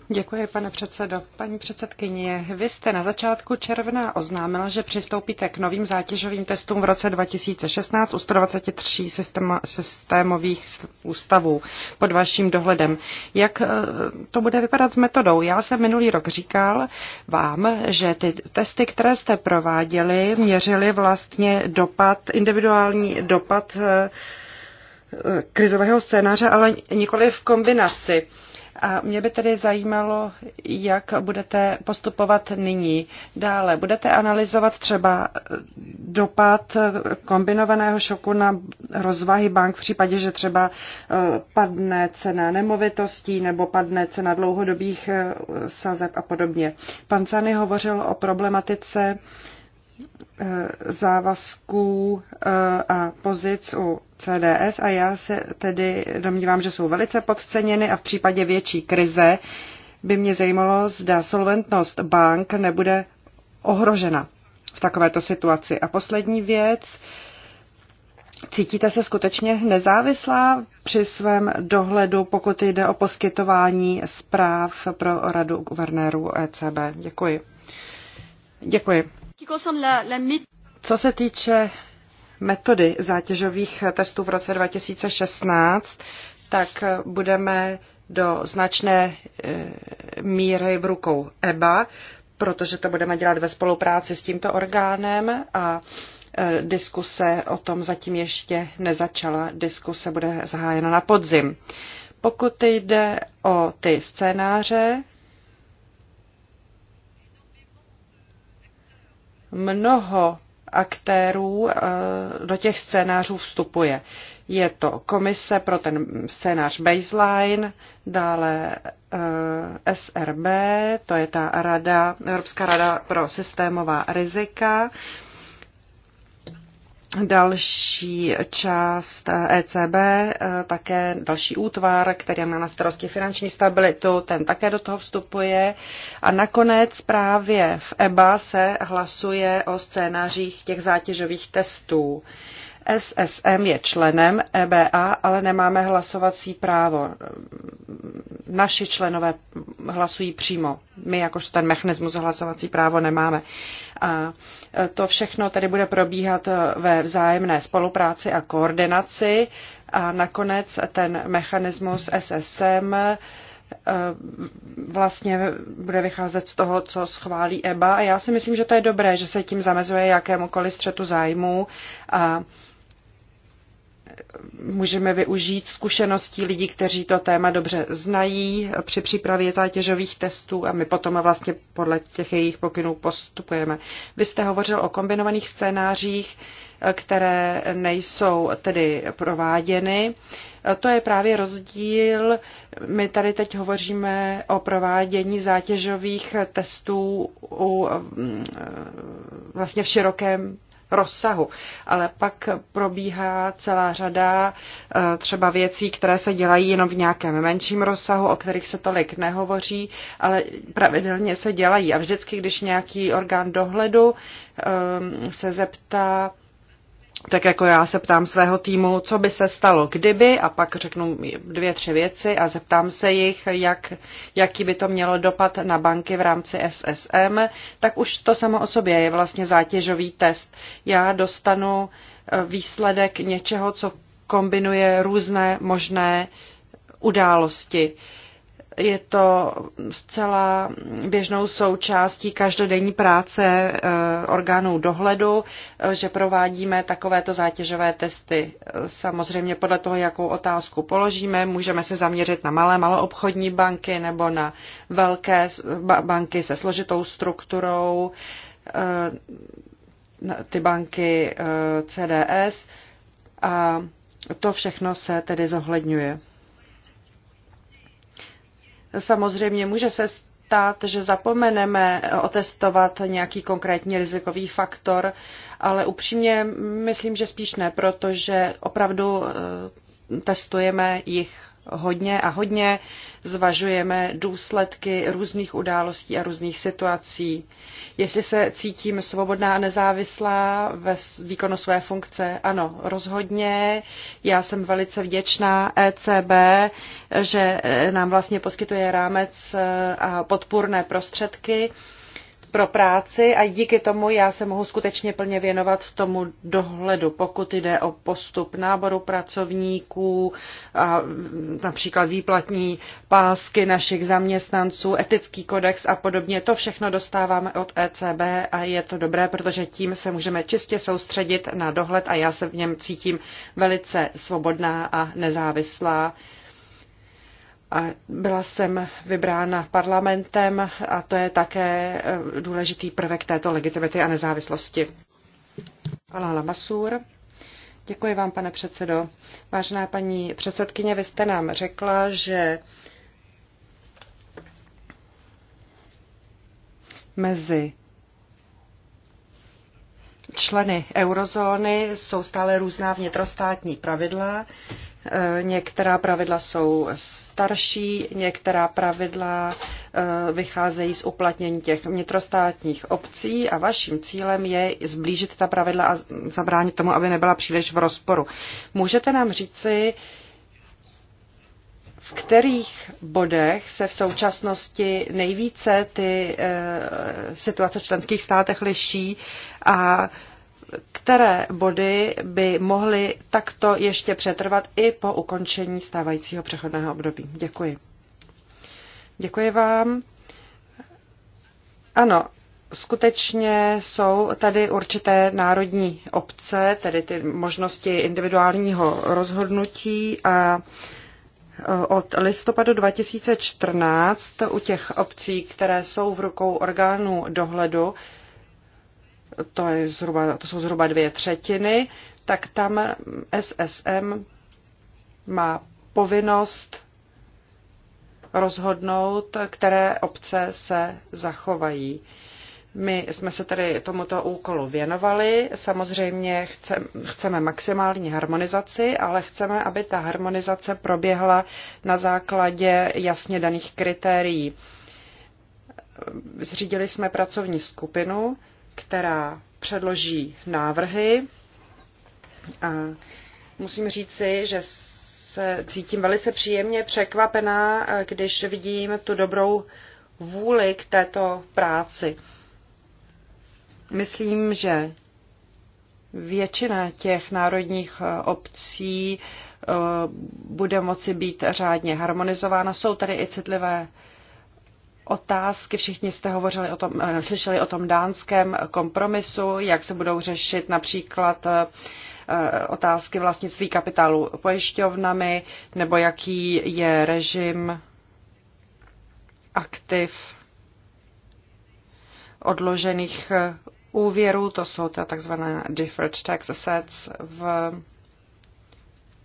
Děkuji, pane předsedo. Paní předsedkyně, vy jste na začátku června oznámila, že přistoupíte k novým zátěžovým testům v roce 2016 u 123 systémových ústavů pod vaším dohledem. Jak eh, to bude vypadat s metodou? Já jsem minulý rok říkal vám, že ty testy, které jste prováděli, měřily vlastně dopad, individuální dopad eh, eh, krizového scénáře, ale nikoli v kombinaci. A mě by tedy zajímalo, jak budete postupovat nyní. Dále, budete analyzovat třeba dopad kombinovaného šoku na rozvahy bank v případě, že třeba e, padne cena nemovitostí nebo padne cena dlouhodobých e, sazeb a podobně. Pan Cany hovořil o problematice Eh, závazků eh, a pozic u CDS a já se tedy domnívám, že jsou velice podceněny a v případě větší krize by mě zajímalo, zda solventnost bank nebude ohrožena v takovéto situaci. A poslední věc, cítíte se skutečně nezávislá při svém dohledu, pokud jde o poskytování zpráv pro radu guvernérů ECB? Děkuji. Děkuji. Co se týče metody zátěžových testů v roce 2016, tak budeme do značné e, míry v rukou EBA, protože to budeme dělat ve spolupráci s tímto orgánem a e, diskuse o tom zatím ještě nezačala. Diskuse bude zahájena na podzim. Pokud jde o ty scénáře, mnoho aktérů eh, do těch scénářů vstupuje. Je to komise pro ten scénář baseline, dále eh, SRB, to je ta rada, Evropská rada pro systémová rizika, další část ECB, eh, e eh, také další útvar, který má na starosti finanční stabilitu, ten také do toho vstupuje. A nakonec právě v EBA se hlasuje o scénářích těch zátěžových testů. SSM je členem EBA, ale nemáme hlasovací právo. Naši členové hlasují přímo. My jakožto ten mechanismus hlasovací právo nemáme. A to všechno tedy bude probíhat ve vzájemné spolupráci a koordinaci a nakonec ten mechanismus SSM e, vlastně bude vycházet z toho, co schválí EBA. A já si myslím, že to je dobré, že se tím zamezuje jakémukoliv střetu zájmu. a můžeme využít zkušeností lidí, kteří to téma dobře znají při přípravě zátěžových testů a my potom vlastně podle těch jejich pokynů postupujeme. Vy jste hovořil o kombinovaných scénářích, které nejsou tedy prováděny. To je právě rozdíl. My tady teď hovoříme o provádění zátěžových testů u, mm, vlastně v širokém rozsahu. Ale pak probíhá celá řada eh, třeba věcí, které se dělají jenom v nějakém menším rozsahu, o kterých se tolik nehovoří, ale pravidelně se dělají. A vždycky, když nějaký orgán dohledu ehm, se zeptá, tak jako já se ptám svého týmu, co by se stalo kdyby, a pak řeknu dvě, tři věci a zeptám se jich, jak, jaký by to mělo dopad na banky v rámci SSM, tak už to samo o sobě je vlastně zátěžový test. Já dostanu eh, výsledek něčeho, co kombinuje různé možné události. Uh, je to zcela běžnou součástí každodenní práce eh, orgánů dohledu, eh, že provádíme takovéto zátěžové testy. Samozřejmě podle toho, jakou otázku položíme, můžeme se zaměřit na malé maloobchodní banky nebo na velké banky se složitou strukturou, eh, ty banky CDS a to všechno se tedy zohledňuje. Samozřejmě může se stát, že zapomeneme otestovat nějaký konkrétní rizikový faktor, ale upřímně myslím, že spíš ne, protože opravdu eh, testujeme jich hodně a hodně zvažujeme důsledky různých událostí a různých situací. Jestli se cítím svobodná a nezávislá ve výkonu své funkce, ano, rozhodně. Já jsem velice vděčná ECB, že e, nám vlastně poskytuje rámec e, a podpůrné prostředky pro práci a díky tomu já se mohu skutečně plně věnovat tomu dohledu, pokud jde o postup náboru pracovníků, a například výplatní pásky našich zaměstnanců, etický kodex a podobně. To všechno dostáváme od ECB a je to dobré, protože tím se můžeme čistě soustředit na dohled a já se v něm cítím velice svobodná a nezávislá a byla jsem vybrána parlamentem a to je také e, důležitý prvek této legitimity a nezávislosti. Alala Masur. Děkuji vám, pane předsedo. Vážená paní předsedkyně, vy jste nám řekla, že mezi členy eurozóny jsou stále různá vnitrostátní pravidla. E, některá pravidla jsou starší, některá pravidla e, vycházejí z uplatnění těch vnitrostátních obcí a vaším cílem je zblížit ta pravidla a zabránit tomu, aby nebyla příliš v rozporu. Můžete nám říci, v kterých bodech se v současnosti nejvíce ty eh, situace v členských státech liší a které body by mohly takto ještě přetrvat i po ukončení stávajícího přechodného období. Děkuji. Děkuji vám. Ano, skutečně jsou tady určité národní obce, tedy ty možnosti individuálního rozhodnutí a od listopadu 2014 u těch obcí, které jsou v rukou orgánů dohledu, to, je zhruba, to jsou zhruba dvě třetiny, tak tam SSM má povinnost rozhodnout, které obce se zachovají. My jsme se tedy tomuto úkolu věnovali. Samozřejmě chceme maximální harmonizaci, ale chceme, aby ta harmonizace proběhla na základě jasně daných kritérií. Zřídili jsme pracovní skupinu, která předloží návrhy. A musím říci, že se cítím velice příjemně překvapená, když vidím tu dobrou vůli k této práci. Myslím, že většina těch národních eh, obcí eh, bude moci být řádně harmonizována. Jsou tady i citlivé otázky. Všichni jste hovořili o tom, eh, slyšeli o tom dánském kompromisu, jak se budou řešit například otázky vlastnictví kapitálu pojišťovnami, nebo jaký je režim aktiv odložených úvěru, to jsou ta tzv. deferred tax assets v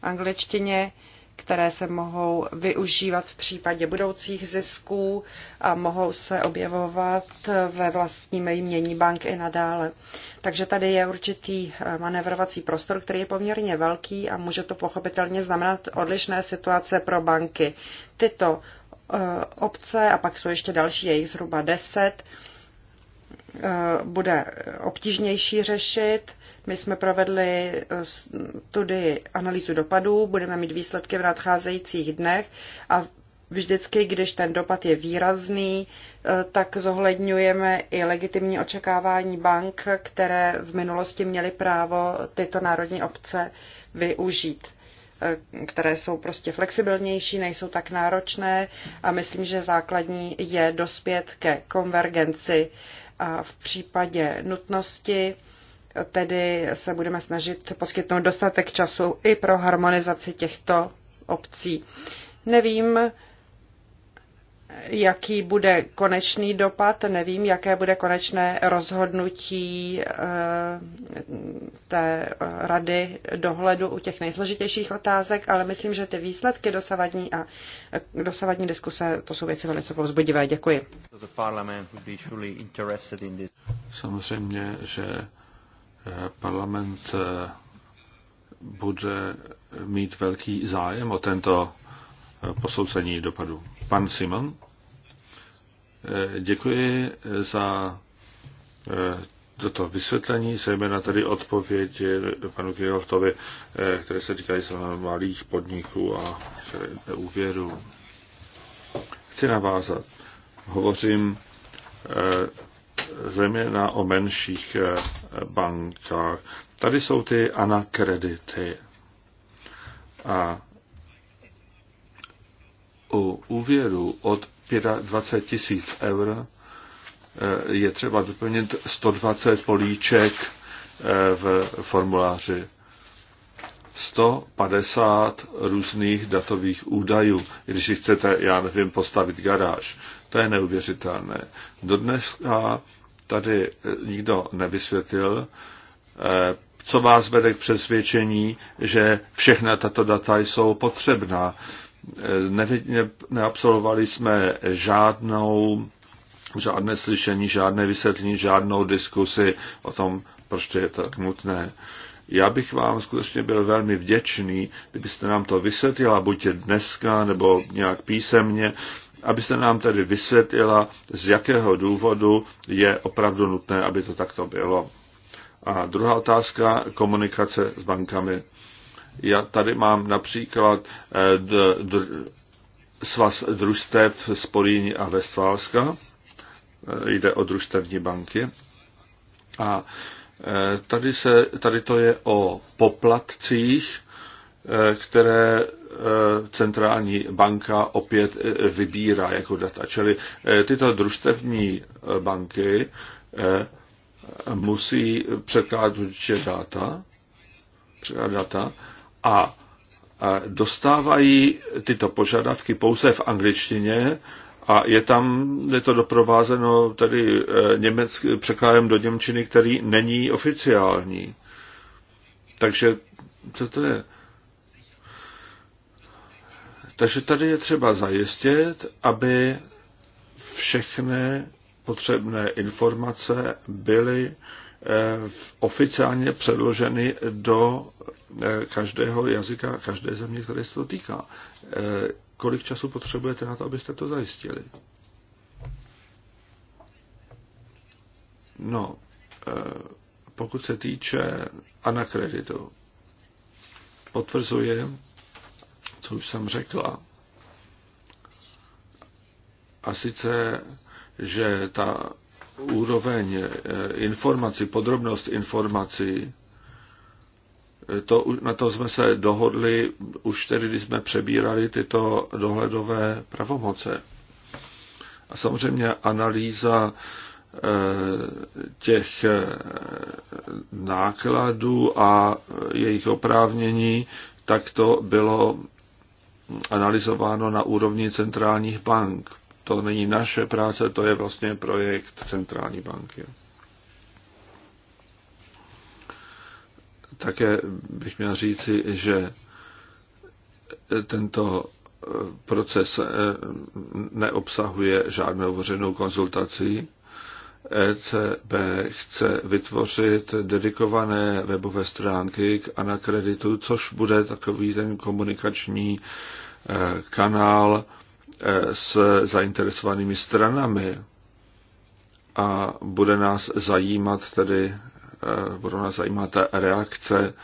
angličtině, které se mohou využívat v případě budoucích zisků a mohou se objevovat ve vlastním jmění bank i nadále. Takže tady je určitý eh, manevrovací prostor, který je poměrně velký a může to pochopitelně znamenat odlišné situace pro banky. Tyto eh, obce, a pak jsou ještě další, je jich zhruba deset, Eh, bude obtížnější řešit. My jsme provedli eh, studii analýzu dopadů, budeme mít výsledky v nadcházejících dnech a vždycky, když ten dopad je výrazný, eh, tak zohledňujeme i legitimní očekávání bank, které v minulosti měly právo tyto národní obce využít které jsou prostě flexibilnější, nejsou tak náročné a myslím, že základní je dospět ke konvergenci a v případě nutnosti tedy se budeme snažit poskytnout dostatek času i pro harmonizaci těchto obcí. Nevím, Jaký bude konečný dopad, nevím, jaké bude konečné rozhodnutí eh, té eh, rady dohledu u těch nejsložitějších otázek, ale myslím, že ty výsledky dosavadní a eh, dosavadní diskuse, to jsou věci velice povzbudivé. Děkuji. Samozřejmě, že parlament bude mít velký zájem o tento posouzení dopadu. Pan Simon, eh, děkuji za eh, toto vysvětlení, zejména tady odpověď panu Kirchhoffovi, eh, které se týkají malých podniků a úvěrů. Chci navázat. Hovořím zejména o menších bankách. Tady jsou ty anakredity. A u úvěru od 25 tisíc eur eh, je třeba vyplnit 120 políček eh, v formuláři. 150 různých datových údajů, když chcete, já nevím, postavit garáž. To je neuvěřitelné. Dodnes tady eh, nikdo nevysvětlil, co vás vede k přesvědčení, že všechna tato data jsou potřebná neabsolvovali jsme žádnou, žádné slyšení, žádné vysvětlení, žádnou diskusi o tom, proč to je tak nutné. Já bych vám skutečně byl velmi vděčný, kdybyste nám to vysvětlila, buď dneska nebo nějak písemně, abyste nám tedy vysvětlila, z jakého důvodu je opravdu nutné, aby to takto bylo. A druhá otázka, komunikace s bankami. Já tady mám například eh, svaz družstev z Políní a Vestfálska, eh, jde o družstevní banky. A eh, tady, se, tady to je o poplatcích, které centrální banka opět vybírá jako data. Čili tyto družstevní banky musí předkládat určitě data, předkládat data a dostávají tyto požadavky pouze v angličtině a je tam, je to doprovázeno tedy e, německ, překládem do Němčiny, který není oficiální. Takže co to je? Takže tady je třeba zajistit, aby všechny potřebné informace byly Eh, oficiálně předloženy do eh, každého jazyka, každé země, které se to týká. Eh, kolik času potřebujete na to, abyste to zajistili? No, pokud se týče anakreditu, potvrzuje, co už jsem řekla. A sice, že ta úroveň eh, informací, podrobnost informací, eh, to, na to jsme se dohodli už tedy, když jsme přebírali tyto dohledové pravomoce. A samozřejmě analýza eh, těch nákladů a jejich oprávnění, tak to bylo analyzováno na úrovni centrálních bank. To není naše práce, to je vlastně projekt centrální banky. Také bych měl říci, že tento eh, proces eh, neobsahuje žádnou veřejnou konzultaci. ECB chce vytvořit dedikované webové stránky k anakreditu, což bude takový ten komunikační eh, kanál Eh, s zainteresovanými stranami a bude nás zajímat tedy, eh, bude nás zajímat reakce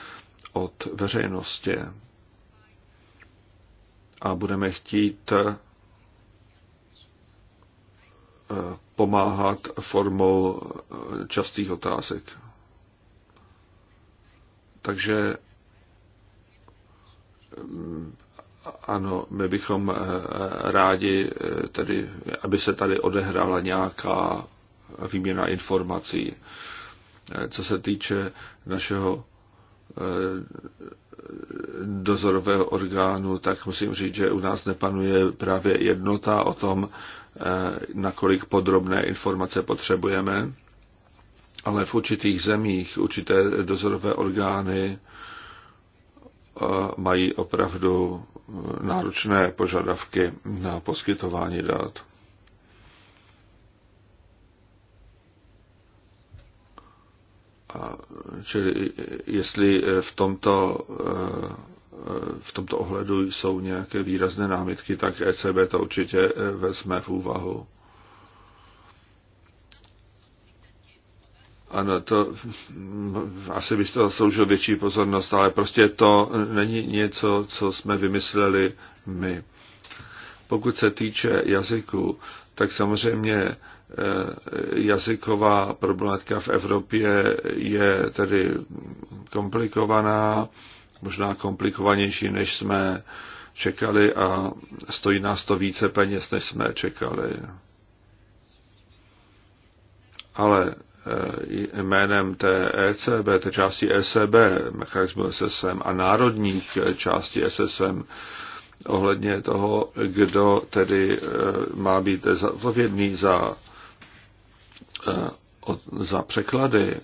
od veřejnosti. A budeme chtít eh, pomáhat formou častých otázek. Takže mm, ano, my bychom eh, rádi, eh, tedy, aby se tady odehrála nějaká výměna informací. Eh, co se týče našeho dozorového orgánu, tak musím říct, že u nás nepanuje právě jednota o tom, nakolik podrobné informace potřebujeme, ale v určitých zemích určité dozorové orgány mají opravdu náročné požadavky na poskytování dat. A čili jestli v tomto, eh, v tomto ohledu jsou nějaké výrazné námitky, tak ECB to určitě eh, vezme v úvahu. Ano, to asi byste zasloužil větší pozornost, ale prostě to není něco, co jsme vymysleli my. Pokud se týče jazyku, tak samozřejmě eh, jazyková problematika v Evropě je tedy komplikovaná, možná komplikovanější, než jsme čekali a stojí nás to více peněz, než jsme čekali. Ale Eh, jménem té ECB, té části ECB, mechanismu SSM a národních eh, částí SSM ohledně toho, kdo tedy eh, má být zodpovědný za, za překlady.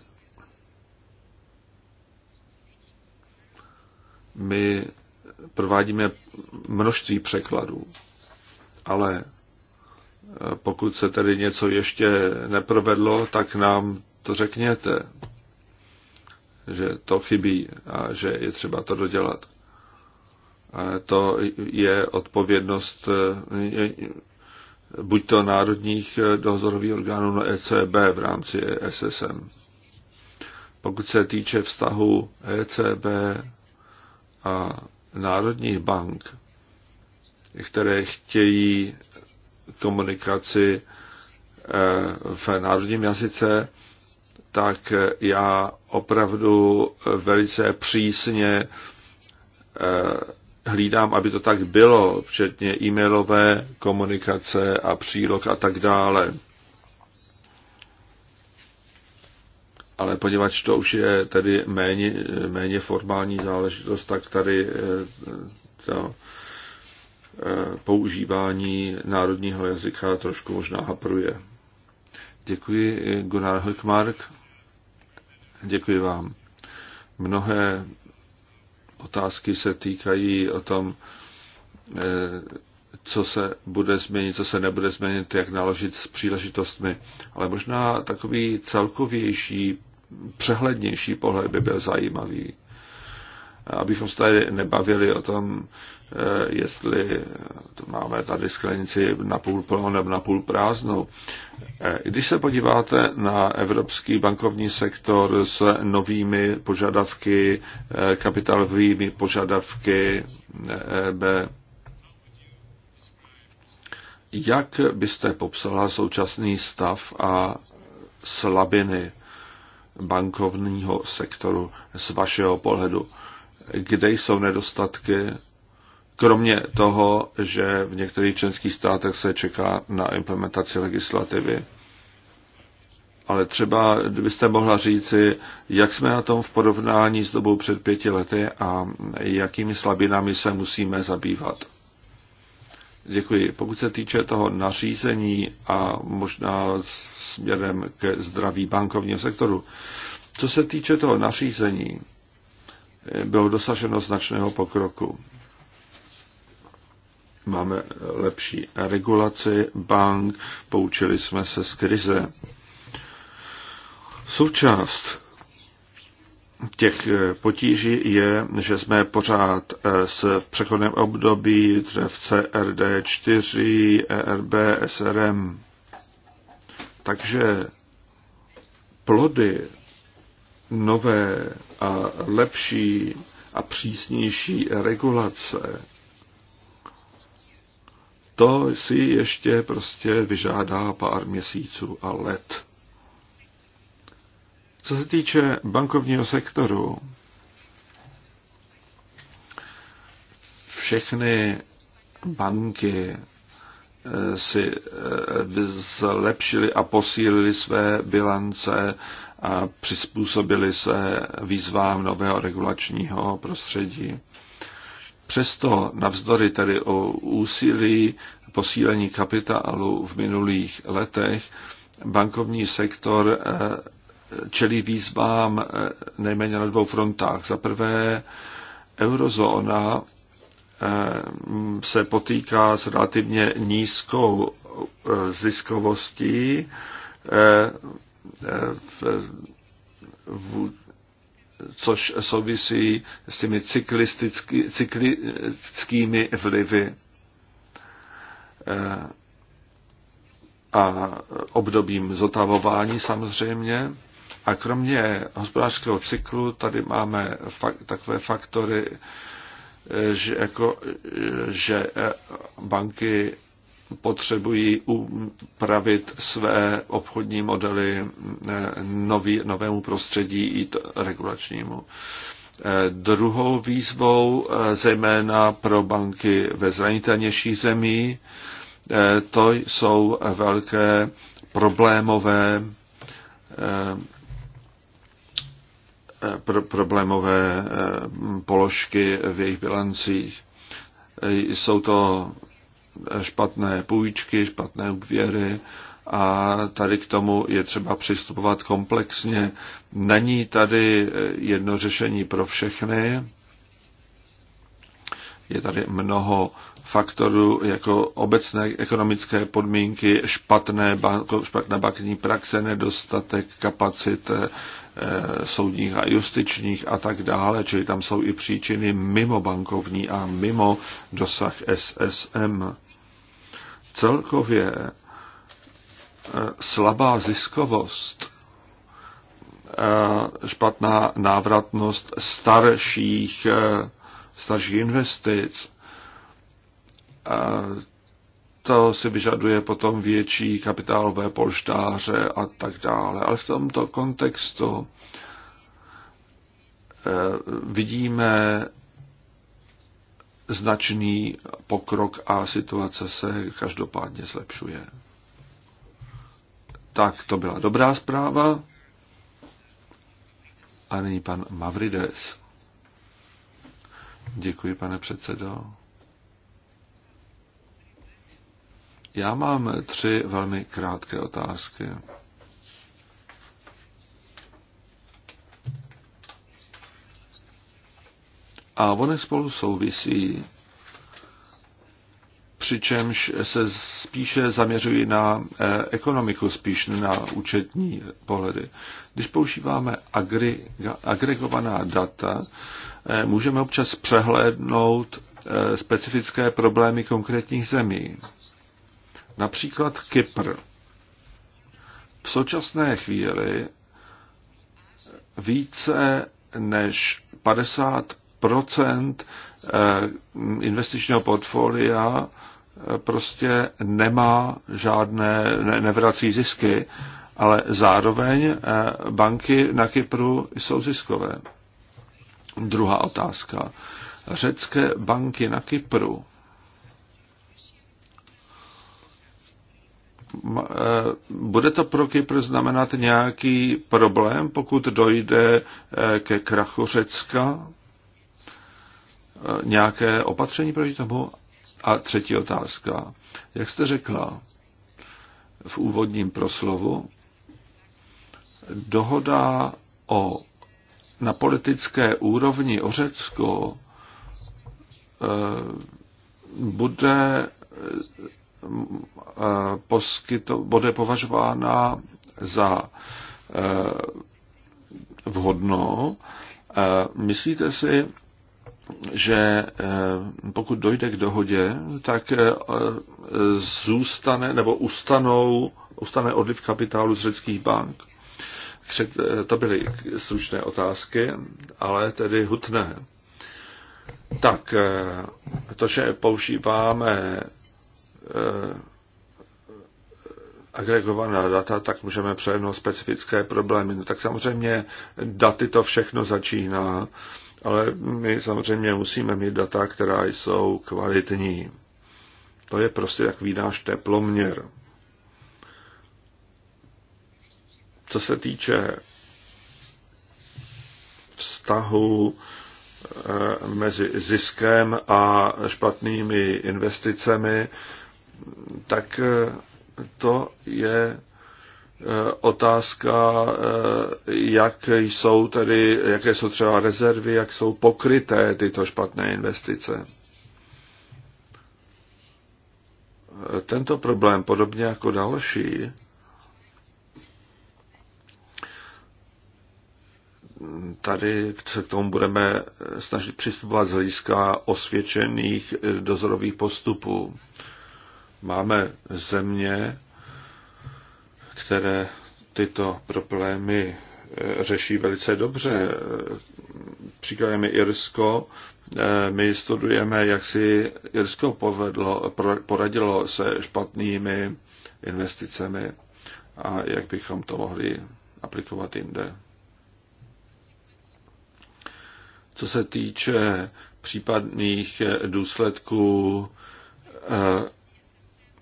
My provádíme množství překladů, ale pokud se tedy něco ještě neprovedlo, tak nám to řekněte, že to chybí a že je třeba to dodělat. Ale to je odpovědnost buď to národních dozorových orgánů na no ECB v rámci SSM. Pokud se týče vztahu ECB a národních bank, které chtějí komunikaci eh, v národním jazyce, tak já opravdu velice přísně eh, hlídám, aby to tak bylo, včetně e-mailové komunikace a příloh a tak dále. Ale poněvadž to už je tedy méně, méně formální záležitost, tak tady eh, to Eh, používání národního jazyka trošku možná hapruje. Děkuji, Gunnar Hökmark. Děkuji vám. Mnohé otázky se týkají o tom, eh, co se bude změnit, co se nebude změnit, jak naložit s příležitostmi. Ale možná takový celkovější, přehlednější pohled by byl zajímavý abychom se tady nebavili o tom, eh, jestli to máme tady sklenici na půl plnou nebo na půl prázdnou. Eh, když se podíváte na evropský bankovní sektor s novými požadavky, eh, kapitálovými požadavky EB, jak byste popsala současný stav a slabiny bankovního sektoru z vašeho pohledu? kde jsou nedostatky, kromě toho, že v některých členských státech se čeká na implementaci legislativy. Ale třeba byste mohla říci, jak jsme na tom v porovnání s dobou před pěti lety a jakými slabinami se musíme zabývat. Děkuji. Pokud se týče toho nařízení a možná směrem ke zdraví bankovního sektoru, co se týče toho nařízení, bylo dosaženo značného pokroku. Máme lepší regulaci bank, poučili jsme se z krize. Součást těch potíží je, že jsme pořád s v přechodném období v CRD 4, ERB, SRM. Takže plody nové a lepší a přísnější regulace, to si ještě prostě vyžádá pár měsíců a let. Co se týče bankovního sektoru, všechny banky eh, si eh, zlepšily a posílily své bilance, a přizpůsobili se výzvám nového regulačního prostředí. Přesto navzdory tedy o úsilí posílení kapitálu v minulých letech bankovní sektor eh, čelí výzvám eh, nejméně na dvou frontách. Za prvé, eurozóna eh, se potýká s relativně nízkou ziskovostí, v, v, což souvisí s těmi cyklickými vlivy eh, a obdobím zotavování samozřejmě. A kromě hospodářského cyklu tady máme fak, takové faktory, eh, že, jako, eh, že banky potřebují upravit své obchodní modely eh, nový, novému prostředí i regulačnímu. Eh, druhou výzvou, eh, zejména pro banky ve zranitelnější zemí, to jsou velké problémové pro, problémové položky v jejich bilancích. Jsou to špatné půjčky, špatné úvěry a tady k tomu je třeba přistupovat komplexně. Není tady jedno řešení pro všechny, je tady mnoho faktorů, jako obecné ekonomické podmínky, špatné banko, špatná bankovní praxe, nedostatek kapacit Eh, soudních a justičních a tak dále, čili tam jsou i příčiny mimo bankovní a mimo dosah SSM. Celkově eh, slabá ziskovost, eh, špatná návratnost starších, starších investic, to si vyžaduje potom větší kapitálové polštáře a tak dále. Ale v tomto kontextu eh, vidíme značný pokrok a situace se každopádně zlepšuje. Tak to byla dobrá zpráva. A nyní pan Mavrides. Děkuji, pane předsedo. Já mám tři velmi krátké otázky. A one spolu souvisí, přičemž se spíše zaměřují na eh, ekonomiku, spíš na účetní pohledy. Když používáme agregovaná data, eh, můžeme občas přehlédnout eh, specifické problémy konkrétních zemí. Například Kypr. V současné chvíli více než 50 eh, investičního portfolia eh, prostě nemá žádné, nevrací zisky, ale zároveň eh, banky na Kypru jsou ziskové. Druhá otázka. Řecké banky na Kypru Eh, bude to pro Kypr znamenat nějaký problém, pokud dojde eh, ke krachu Řecka? Eh, nějaké opatření proti tomu? A třetí otázka. Jak jste řekla v úvodním proslovu, dohoda o, na politické úrovni o Řecku bude poskyto, bude považována za eh, vhodnou. Eh, myslíte si, že eh, pokud dojde k dohodě, tak zůstane nebo ustanou, ustane odliv kapitálu z řeckých bank? To byly stručné otázky, ale tedy hutné. Tak, to, že používáme Eh, agregovaná data, tak můžeme přejednout specifické problémy. No tak samozřejmě daty to všechno začíná, ale my samozřejmě musíme mít data, která jsou kvalitní. To je prostě takový náš teploměr. Co se týče vztahu eh, mezi ziskem a špatnými investicemi, tak eh, to je eh, otázka, eh, jak jsou tedy, jaké jsou třeba rezervy, jak jsou pokryté tyto špatné investice. Tento problém, podobně jako další, tady se k tomu budeme snažit přistupovat z hlediska osvědčených dozorových postupů. Máme země, které tyto problémy eh, řeší velice dobře. Příkladem je Irsko. Eh, my studujeme, jak si Irsko povedlo, poradilo se špatnými investicemi a jak bychom to mohli aplikovat jinde. Co se týče případných eh, důsledků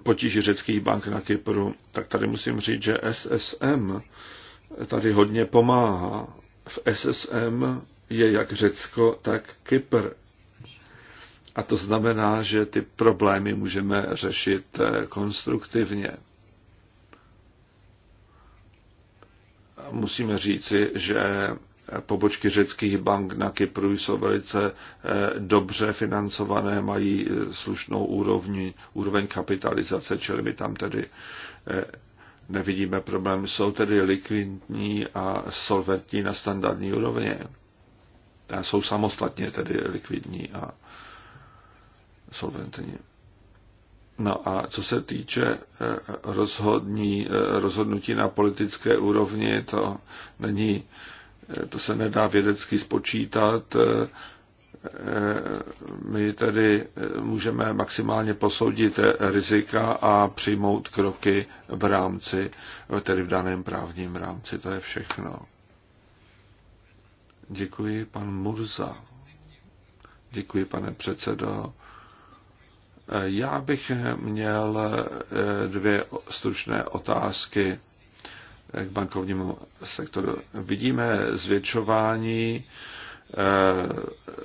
potíži řeckých bank na Kypru, tak tady musím říct, že SSM tady hodně pomáhá. V SSM je jak Řecko, tak Kypr. A to znamená, že ty problémy můžeme řešit eh, konstruktivně. Musíme říci, že pobočky řeckých bank na Kypru jsou velice eh, dobře financované, mají eh, slušnou úrovni, úroveň kapitalizace, čili my tam tedy eh, nevidíme problém. Jsou tedy likvidní a solventní na standardní úrovně. Jsou samostatně tedy likvidní a solventní. No a co se týče rozhodní, rozhodnutí na politické úrovni, to není Eh, to se nedá vědecky spočítat. Eh, eh, my tedy můžeme maximálně posoudit rizika a přijmout kroky v rámci, tedy v daném právním rámci. To je všechno. Děkuji, pan Murza. Děkuji, pane předsedo. Já bych měl dvě stručné otázky k bankovnímu sektoru. Vidíme zvětšování eh,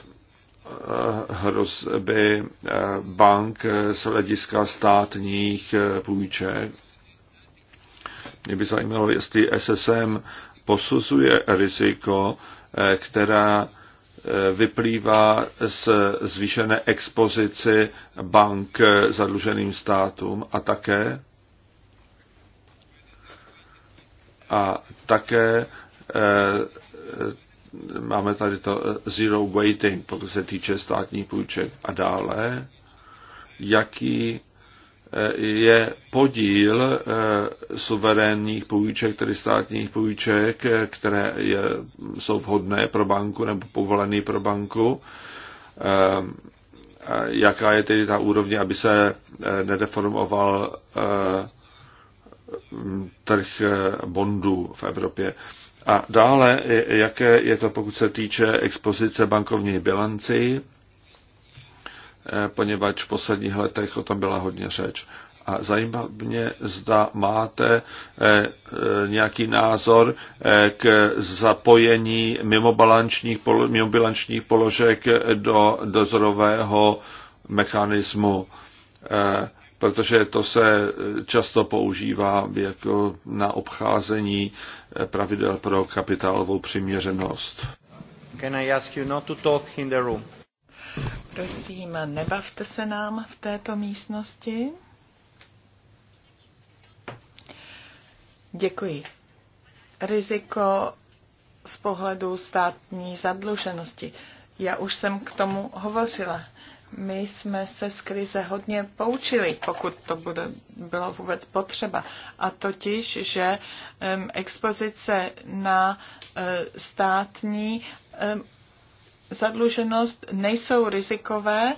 hrozby eh, bank z hlediska státních eh, půjček. Mě by zajímalo, jestli SSM posuzuje riziko, která vyplývá z zvýšené expozici bank zadluženým státům a také A také eh, máme tady to eh, zero waiting, pokud se týče státních půjček a dále, jaký eh, je podíl suverénních půjček, tedy státních půjček, které je, jsou vhodné pro banku nebo povolené pro banku, jaká je tedy ta úroveň, aby se nedeformoval trh eh, bondů v Evropě. A dále, eh, jaké je to, pokud se týče expozice bankovní bilanci, eh, poněvadž v posledních letech o tom byla hodně řeč. A zajímá mě, zda máte nějaký názor k zapojení mimobilančních, mimobilančních položek do dozorového mechanismu protože to se eh, často používá jako na obcházení eh, pravidel pro kapitálovou přiměřenost. Can I ask you not to talk in the room? Prosím, nebavte se nám v této místnosti. Děkuji. Riziko z pohledu státní zadluženosti. Já už jsem k tomu hovořila. My jsme se z krize hodně poučili, pokud to bude, bylo vůbec potřeba. A totiž, že um, expozice na uh, státní um, zadluženost nejsou rizikové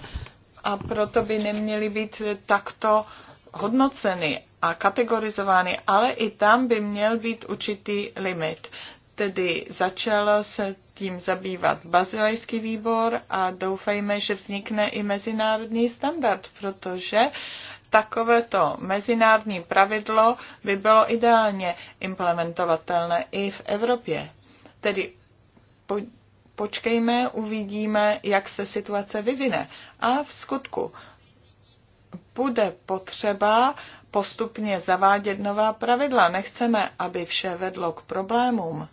a proto by neměly být takto hodnoceny a kategorizovány, ale i tam by měl být určitý limit. Tedy začalo se tím zabývat bazilejský výbor a doufejme, že vznikne i mezinárodní standard, protože takovéto mezinárodní pravidlo by bylo ideálně implementovatelné i v Evropě. Tedy po, počkejme, uvidíme, jak se situace vyvine. A v skutku bude potřeba postupně zavádět nová pravidla. Nechceme, aby vše vedlo k problémům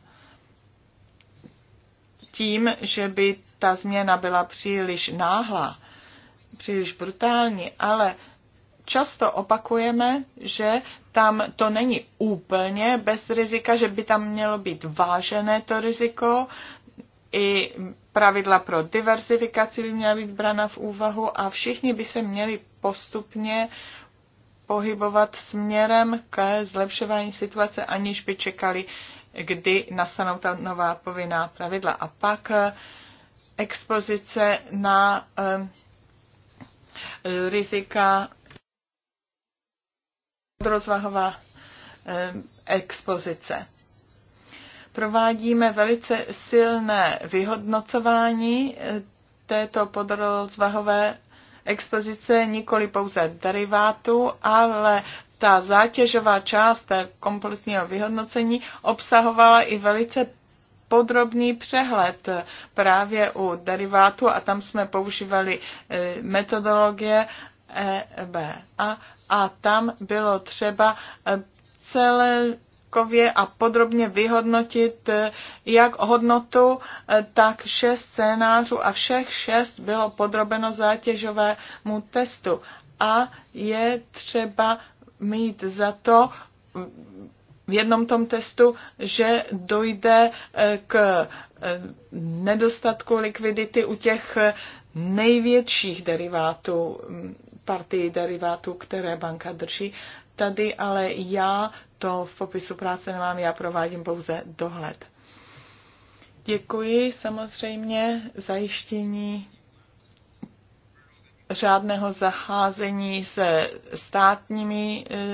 tím, že by ta změna byla příliš náhlá, příliš brutální, ale často opakujeme, že tam to není úplně bez rizika, že by tam mělo být vážené to riziko, i pravidla pro diversifikaci by měla být brana v úvahu a všichni by se měli postupně pohybovat směrem ke zlepšování situace, aniž by čekali kdy nastanou ta nová povinná pravidla. A pak eh, expozice na eh, rizika rozvahová eh, expozice. Provádíme velice silné vyhodnocování této podrozvahové expozice nikoli pouze derivátu, ale ta zátěžová část té komplexního vyhodnocení obsahovala i velice podrobný přehled právě u derivátu a tam jsme používali e, metodologie EBA a tam bylo třeba celé celkově a podrobně vyhodnotit e, jak hodnotu, e, tak šest scénářů a všech šest bylo podrobeno zátěžovému testu. A je třeba mít za to v jednom tom testu, že dojde eh, k eh, nedostatku likvidity u těch největších derivátů, mm, partii derivátů, které banka drží. Tady ale já to v popisu práce nemám, já provádím pouze dohled. Děkuji samozřejmě zajištění řádného zacházení se státními e,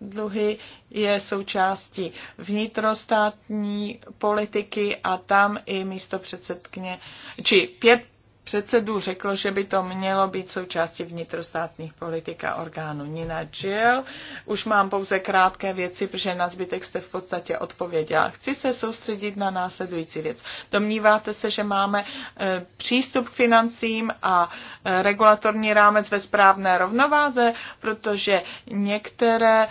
dluhy je součástí vnitrostátní politiky a tam i místo předsedkyně, či pět předsedů řekl, že by to mělo být součástí vnitrostátních politik a orgánů. Nina Jill, už mám pouze krátké věci, protože na zbytek jste v podstatě odpověděla. Chci se soustředit na následující věc. Domníváte se, že máme e, přístup k financím a e, regulatorní rámec ve správné rovnováze, protože některé e,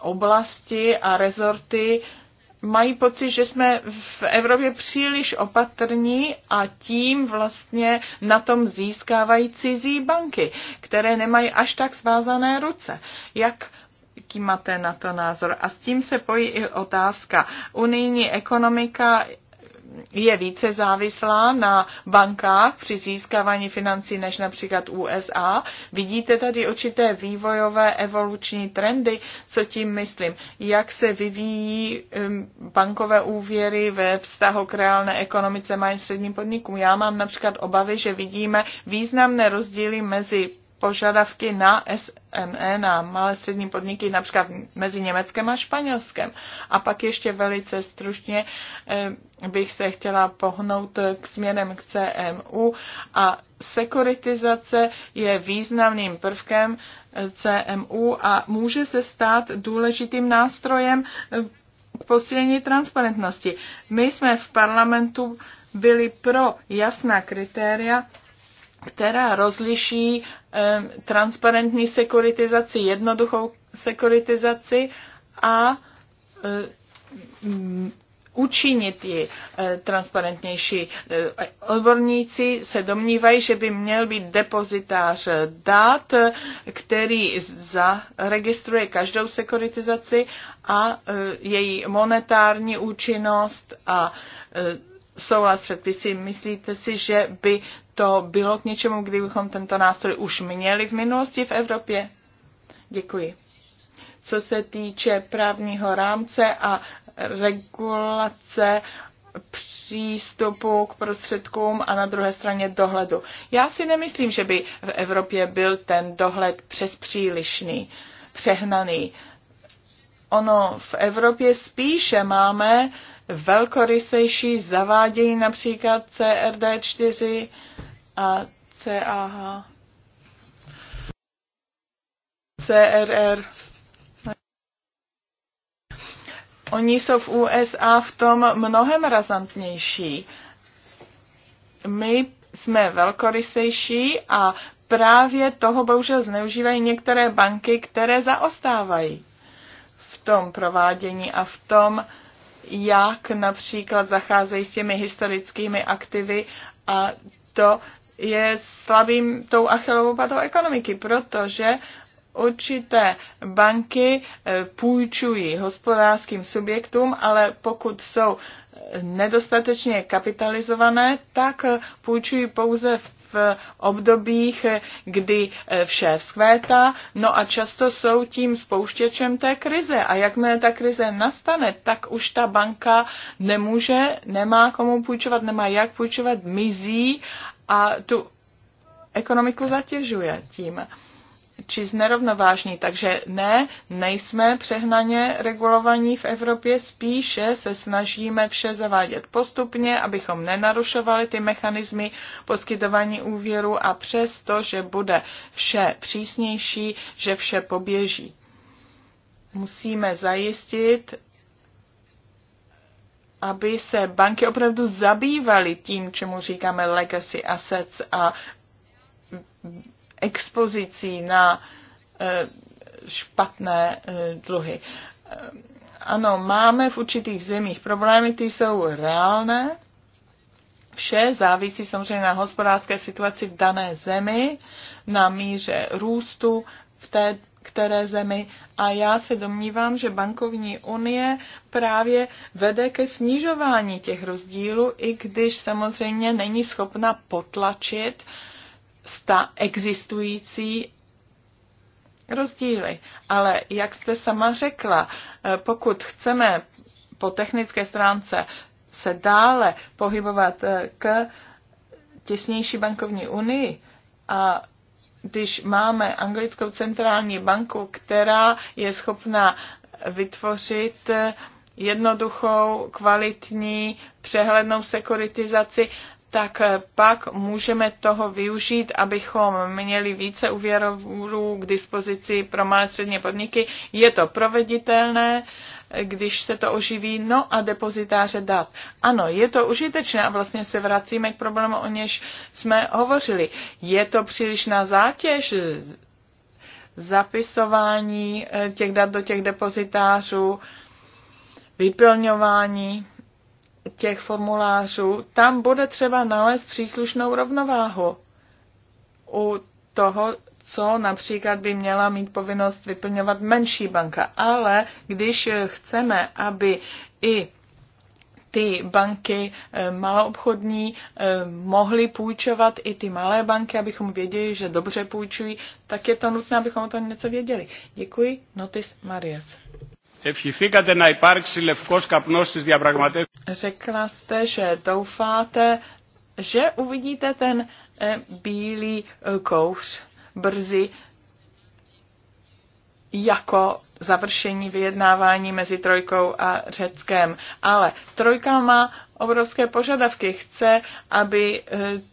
oblasti a rezorty mají pocit, že jsme v Evropě příliš opatrní a tím vlastně na tom získávají cizí banky, které nemají až tak svázané ruce. Jak jaký máte na to názor? A s tím se pojí i otázka. Unijní ekonomika je více závislá na bankách při získávání financí než například USA. Vidíte tady určité vývojové evoluční trendy, co tím myslím, jak se vyvíjí um, bankové úvěry ve vztahu k reálné ekonomice malým středním podnikům. Já mám například obavy, že vidíme významné rozdíly mezi požadavky na SME, na malé střední podniky, například mezi Německem a Španělskem. A pak ještě velice stručně eh, bych se chtěla pohnout k směrem k CMU a sekuritizace je významným prvkem eh, CMU a může se stát důležitým nástrojem k eh, posílení transparentnosti. My jsme v parlamentu byli pro jasná kritéria která rozliší transparentní sekuritizaci, jednoduchou sekuritizaci a učinit ji eh, transparentnější. Eh, odborníci se domnívají, že by měl být depozitář dat, který zaregistruje každou sekuritizaci a eh, její monetární účinnost a souhlas předpisy. Myslíte si, že by to bylo k něčemu, kdybychom tento nástroj už měli v minulosti v Evropě? Děkuji. Co se týče právního rámce a regulace přístupu k prostředkům a na druhé straně dohledu. Já si nemyslím, že by v Evropě byl ten dohled přes přílišný, přehnaný. Ono v Evropě spíše máme uh, velkorysejší, zavádějí například CRD4 a CAH. CRR. Oni jsou v USA v tom mnohem razantnější. My jsme velkorysejší a právě toho bohužel zneužívají některé banky, které zaostávají v tom provádění a v tom jak například zacházejí s těmi historickými aktivy a to je slabým tou achilovou patou ekonomiky, protože určité banky eh, půjčují hospodářským subjektům, ale pokud jsou eh, nedostatečně kapitalizované, tak eh, půjčují pouze v obdobích, kdy vše vzkvétá, no a často jsou tím spouštěčem té krize. A jakmile ta krize nastane, tak už ta banka nemůže, nemá komu půjčovat, nemá jak půjčovat, mizí a tu ekonomiku zatěžuje tím či znerovnovážní. Takže ne, nejsme přehnaně regulovaní v Evropě, spíše se snažíme vše zavádět postupně, abychom nenarušovali ty mechanismy poskytování úvěru a přesto, že bude vše přísnější, že vše poběží. Musíme zajistit, aby se banky opravdu zabývaly tím, čemu říkáme legacy assets a expozicí na eh, špatné eh, dluhy. Eh, ano, máme v určitých zemích problémy, ty jsou reálné. Vše závisí samozřejmě na hospodářské situaci v dané zemi, na míře růstu v té které zemi. A já se domnívám, že bankovní unie právě vede ke snižování těch rozdílů, i když samozřejmě není schopna potlačit uh, sta existující rozdíly. Ale jak jste sama řekla, eh, pokud chceme po technické stránce se dále pohybovat eh, k těsnější bankovní unii a když máme anglickou centrální banku, která je schopná vytvořit eh, jednoduchou, kvalitní, přehlednou sekuritizaci, tak eh, pak můžeme toho využít, abychom měli více uvěrovů k dispozici pro malé střední podniky. Je to proveditelné, když se to oživí, no a depozitáře dat. Ano, je to užitečné a vlastně se vracíme k problému, o něž jsme hovořili. Je to přílišná zátěž zapisování eh, těch dat do těch depozitářů, vyplňování těch formulářů, tam bude třeba nalézt příslušnou rovnováhu u toho, co například by měla mít povinnost vyplňovat menší banka. Ale když chceme, aby i ty banky eh, maloobchodní eh, mohly půjčovat i ty malé banky, abychom věděli, že dobře půjčují, tak je to nutné, abychom o tom něco věděli. Děkuji, Notis Marias. Ευχηθήκατε να υπάρξει λευκός καπνός στις διαπραγματεύσεις. Řekla jste, že doufáte, že uvidíte ten e, bílý eh, kouř brzy jako završení vyjednávání mezi Trojkou a řeckém. Ale Trojka má obrovské požadavky. Chce, aby e,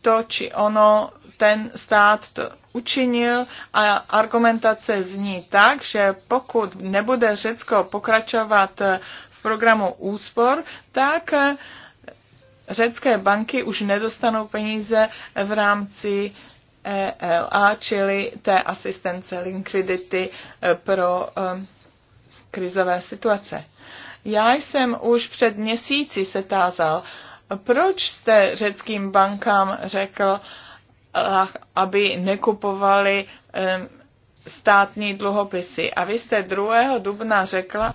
to či ono ten stát to učinil a argumentace zní tak, že pokud nebude Řecko pokračovat e, v programu úspor, tak e, řecké banky už nedostanou peníze v rámci ELA, čili té asistence liquidity pro krizové situace. Já jsem už před měsíci se tázal, proč jste řeckým bankám řekl, eh, aby nekupovali eh, státní dluhopisy. A vy jste 2. dubna řekla,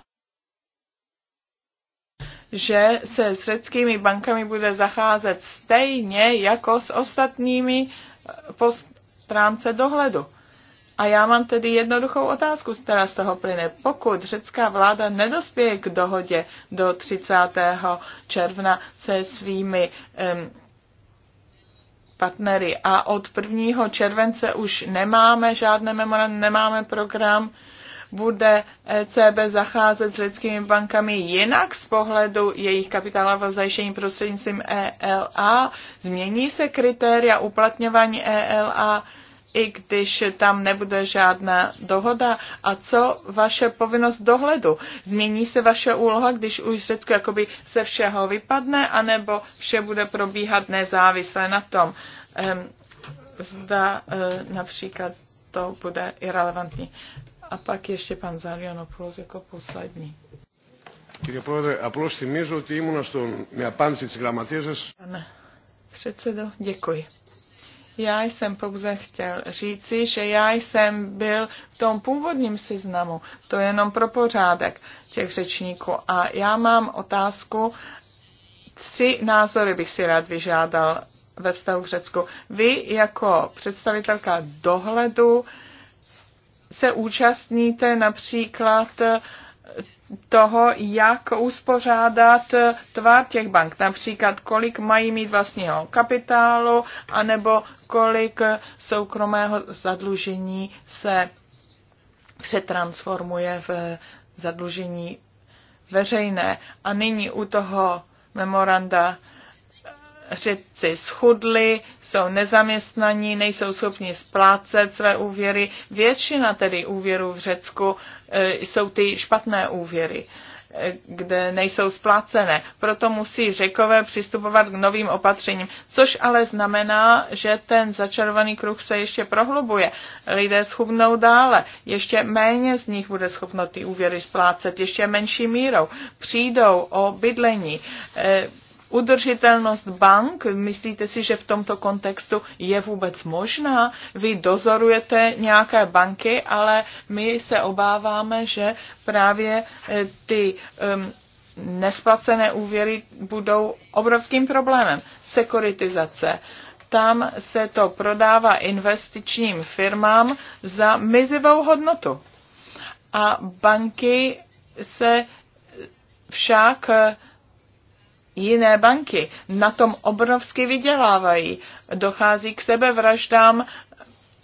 že se s řeckými bankami bude zacházet stejně jako s ostatními eh, po stránce dohledu. A já mám tedy jednoduchou otázku, která z toho plyne. Pokud řecká vláda nedospěje k dohodě do 30. června se svými um, partnery a od 1. července už nemáme žádné memorandum, nemáme program, bude ECB zacházet s řeckými bankami jinak z pohledu jejich kapitálového zajištění prostřednictvím ELA? Změní se kritéria uplatňování ELA? i když tam nebude žádná dohoda? A co vaše povinnost dohledu? Změní se vaše úloha, když už Řecko jakoby se všeho vypadne, anebo vše bude probíhat nezávisle na tom? Ehm, zda eh, například to bude irrelevantní. A pak ještě pan Zarianopoulos jako poslední. Κύριε Πρόεδρε, απλώς θυμίζω ότι ήμουνα στον, με απάντηση της Předsedo, děkuji. Já jsem pouze chtěl říci, že já jsem byl v tom původním seznamu, to je jenom pro pořádek těch řečníků. A já mám otázku, tři názory bych si rád vyžádal ve vztahu k Řecku. Vy jako představitelka dohledu se účastníte například toho, jak uspořádat tvar těch bank. Například, kolik mají mít vlastního kapitálu, anebo kolik soukromého zadlužení se přetransformuje v zadlužení veřejné. A nyní u toho memoranda Řeci schudli, jsou nezaměstnaní, nejsou schopni splácet své úvěry. Většina tedy úvěrů v Řecku e, jsou ty špatné úvěry e, kde nejsou splácené. Proto musí řekové přistupovat k novým opatřením, což ale znamená, že ten začarovaný kruh se ještě prohlubuje. Lidé schubnou dále, ještě méně z nich bude schopno ty úvěry splácet, ještě menší mírou. Přijdou o bydlení, e, Udržitelnost bank, myslíte si, že v tomto kontextu je vůbec možná? Vy dozorujete nějaké banky, ale my se obáváme, že právě eh, ty um, nesplacené úvěry budou obrovským problémem. Sekuritizace. Tam se to prodává investičním firmám za mizivou hodnotu. A banky se však uh, jiné banky. Na tom obrovsky vydělávají. Dochází k sebevraždám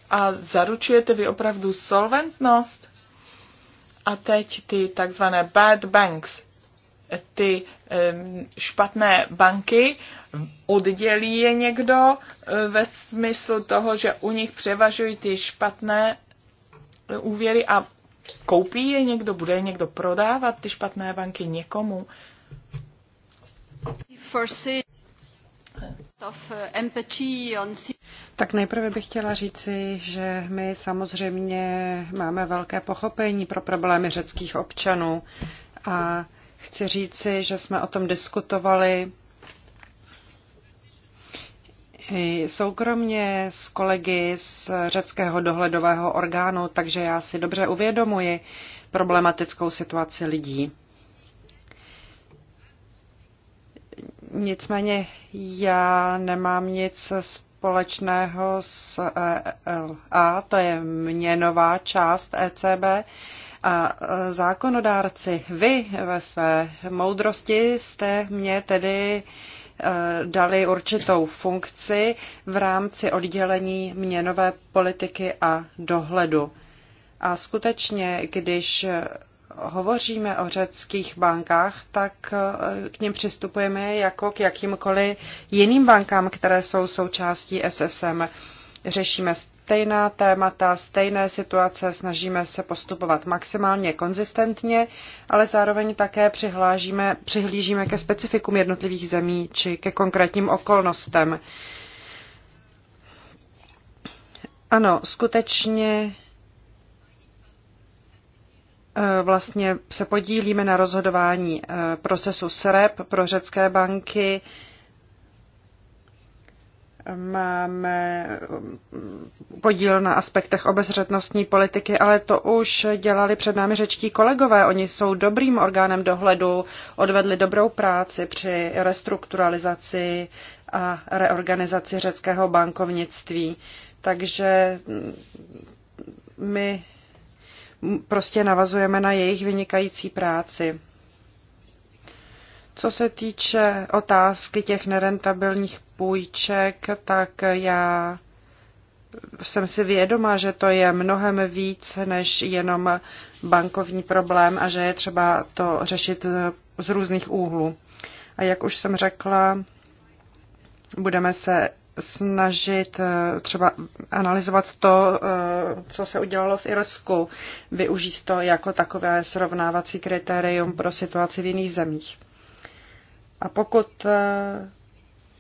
a zaručujete vy opravdu solventnost? A teď ty takzvané bad banks, ty špatné banky, oddělí je někdo e, ve smyslu toho, že u nich převažují ty špatné e, úvěry a koupí je někdo, bude je někdo prodávat ty špatné banky někomu. Eh, tak nejprve bych chtěla říci, že my samozřejmě máme velké pochopení pro problémy řeckých občanů a chci říci, že jsme o tom diskutovali soukromně s kolegy z řeckého dohledového orgánu, takže já si dobře uvědomuji problematickou situaci lidí. Nicméně já nemám nic společného s ELA, to je měnová část ECB. A e, zákonodárci, vy ve své moudrosti jste mě tedy e, dali určitou funkci v rámci oddělení měnové politiky a dohledu. A skutečně, když hovoříme o řeckých bankách, tak eh, k ním přistupujeme jako k jakýmkoliv jiným bankám, které jsou součástí SSM. Řešíme stejná témata, stejné situace, snažíme se postupovat maximálně konzistentně, ale zároveň také přihlížíme ke specifikům jednotlivých zemí či ke konkrétním okolnostem. Ano, skutečně Eh, vlastně se podílíme na rozhodování eh, procesu SREP pro řecké banky. Máme mm, podíl na aspektech obezřetnostní politiky, ale to už dělali před námi řečtí kolegové. Oni jsou dobrým orgánem dohledu, odvedli dobrou práci při restrukturalizaci a reorganizaci řeckého bankovnictví. Takže mm, my prostě navazujeme na jejich vynikající práci. Co se týče otázky těch nerentabilních půjček, tak já jsem si vědoma, že to je mnohem víc než jenom bankovní problém a že je třeba to řešit z různých úhlů. A jak už jsem řekla, budeme se snažit eh, třeba analyzovat to, eh, co se udělalo v Irsku, využít to jako takové srovnávací kritérium pro situaci v jiných zemích. A pokud eh,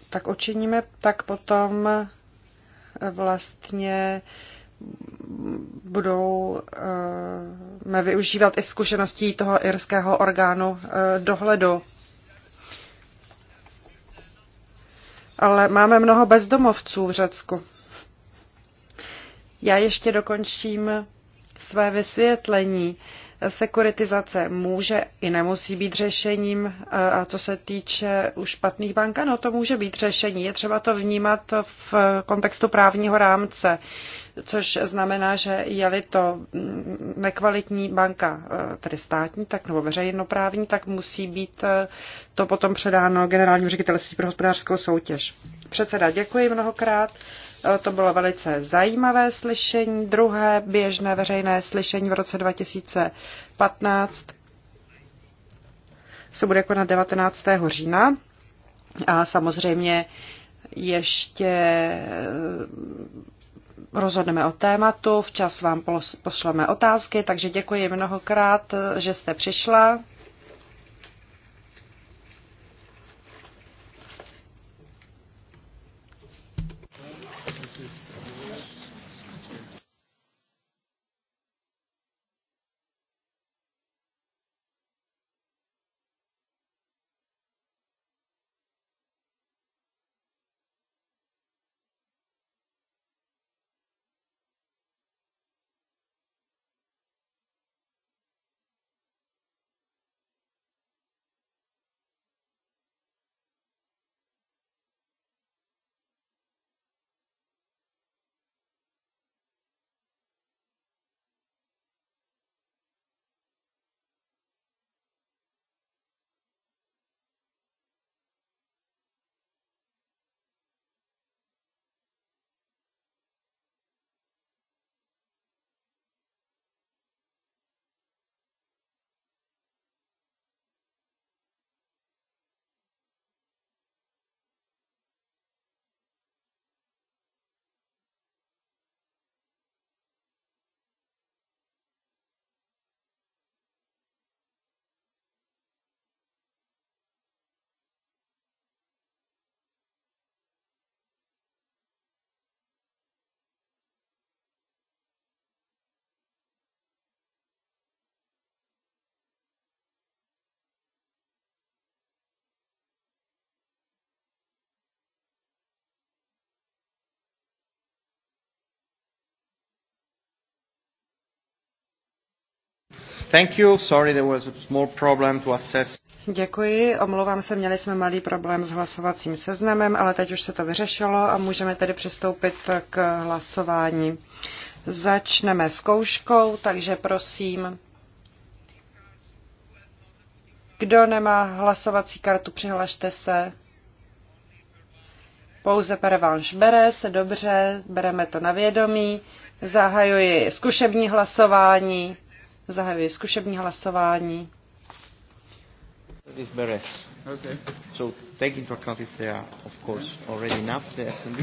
tak učiníme, tak potom vlastně budou uh, využívat i zkušeností toho irského orgánu dohledu ale máme mnoho bezdomovců v Řecku. Já ještě dokončím své vysvětlení. Sekuritizace může i nemusí být řešením a co se týče už špatných bank, ano, to může být řešení. Je třeba to vnímat v kontextu právního rámce což znamená, že je-li to nekvalitní banka, eh, tedy státní, tak nebo veřejnoprávní, tak musí být eh, to potom předáno generálnímu ředitelství pro hospodářskou soutěž. Předseda, děkuji mnohokrát. Eh, to bylo velice zajímavé slyšení, druhé běžné veřejné slyšení v roce 2015 se bude konat 19. října a samozřejmě ještě rozhodneme o tématu, včas vám pošleme otázky, takže děkuji mnohokrát, že jste přišla. Thank you. Sorry, there was a small problem to assess. Děkuji, omlouvám se, měli jsme malý problém s hlasovacím seznamem, ale teď už se to vyřešilo a můžeme tedy přistoupit k hlasování. Začneme zkouškou, takže prosím, kdo nemá hlasovací kartu, přihlašte se. Pouze Pervanš bere se, dobře, bereme to na vědomí. Zahajuji zkušební hlasování. Zahajuji zkušební hlasování. This Beres. Okay. So take into account if there are, of course, already enough, the SMB.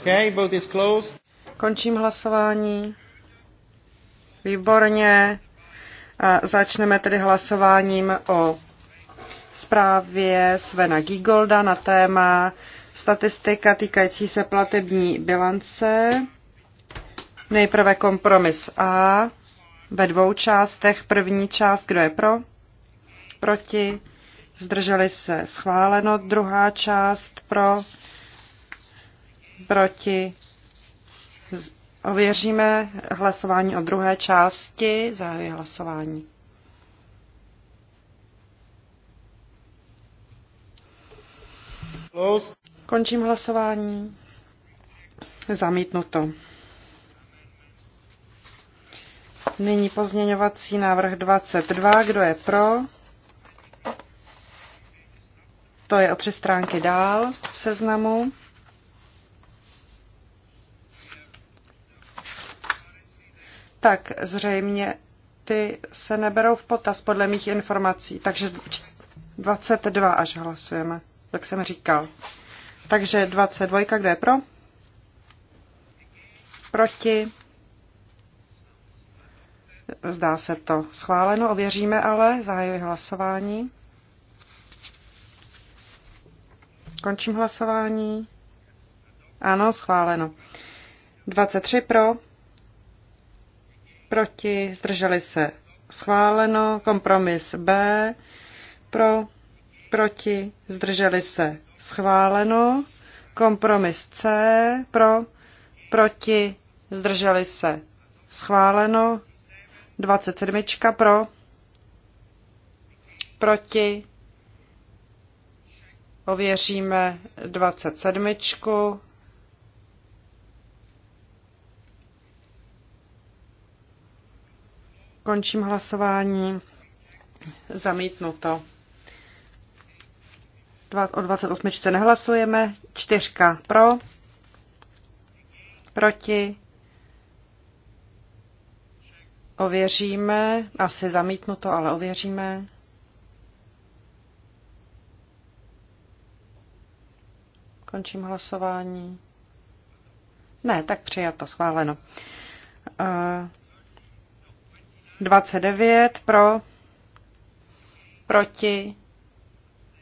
Okay, vote is closed. Končím hlasování. Výborně. A začneme tedy hlasováním o zprávě Svena Gigolda na téma statistika týkající se platební bilance. Nejprve kompromis A ve dvou částech. První část, kdo je pro, proti, zdrželi se schváleno. Druhá část pro, proti, ověříme hlasování o druhé části, zahajuji hlasování. Končím hlasování. Zamítnuto. Nyní pozměňovací návrh 22. Kdo je pro? To je o tři stránky dál v seznamu. Tak zřejmě ty se neberou v potaz podle mých informací. Takže 22 až hlasujeme, jak jsem říkal. Takže 22, kde je pro? Proti? Zdá se to schváleno, ověříme ale, zahajuji hlasování. Končím hlasování. Ano, schváleno. 23 pro, proti, zdrželi se schváleno, kompromis B, pro, proti, zdrželi se schváleno, kompromis C, pro, proti, zdrželi se schváleno, 27 pro, proti, ověříme 27. Končím hlasování. Zamítnuto. O 28. nehlasujeme. Čtyřka pro. Proti. Ověříme, asi zamítnu to, ale ověříme. Končím hlasování. Ne, tak přijato, schváleno. 29 eh, pro, proti,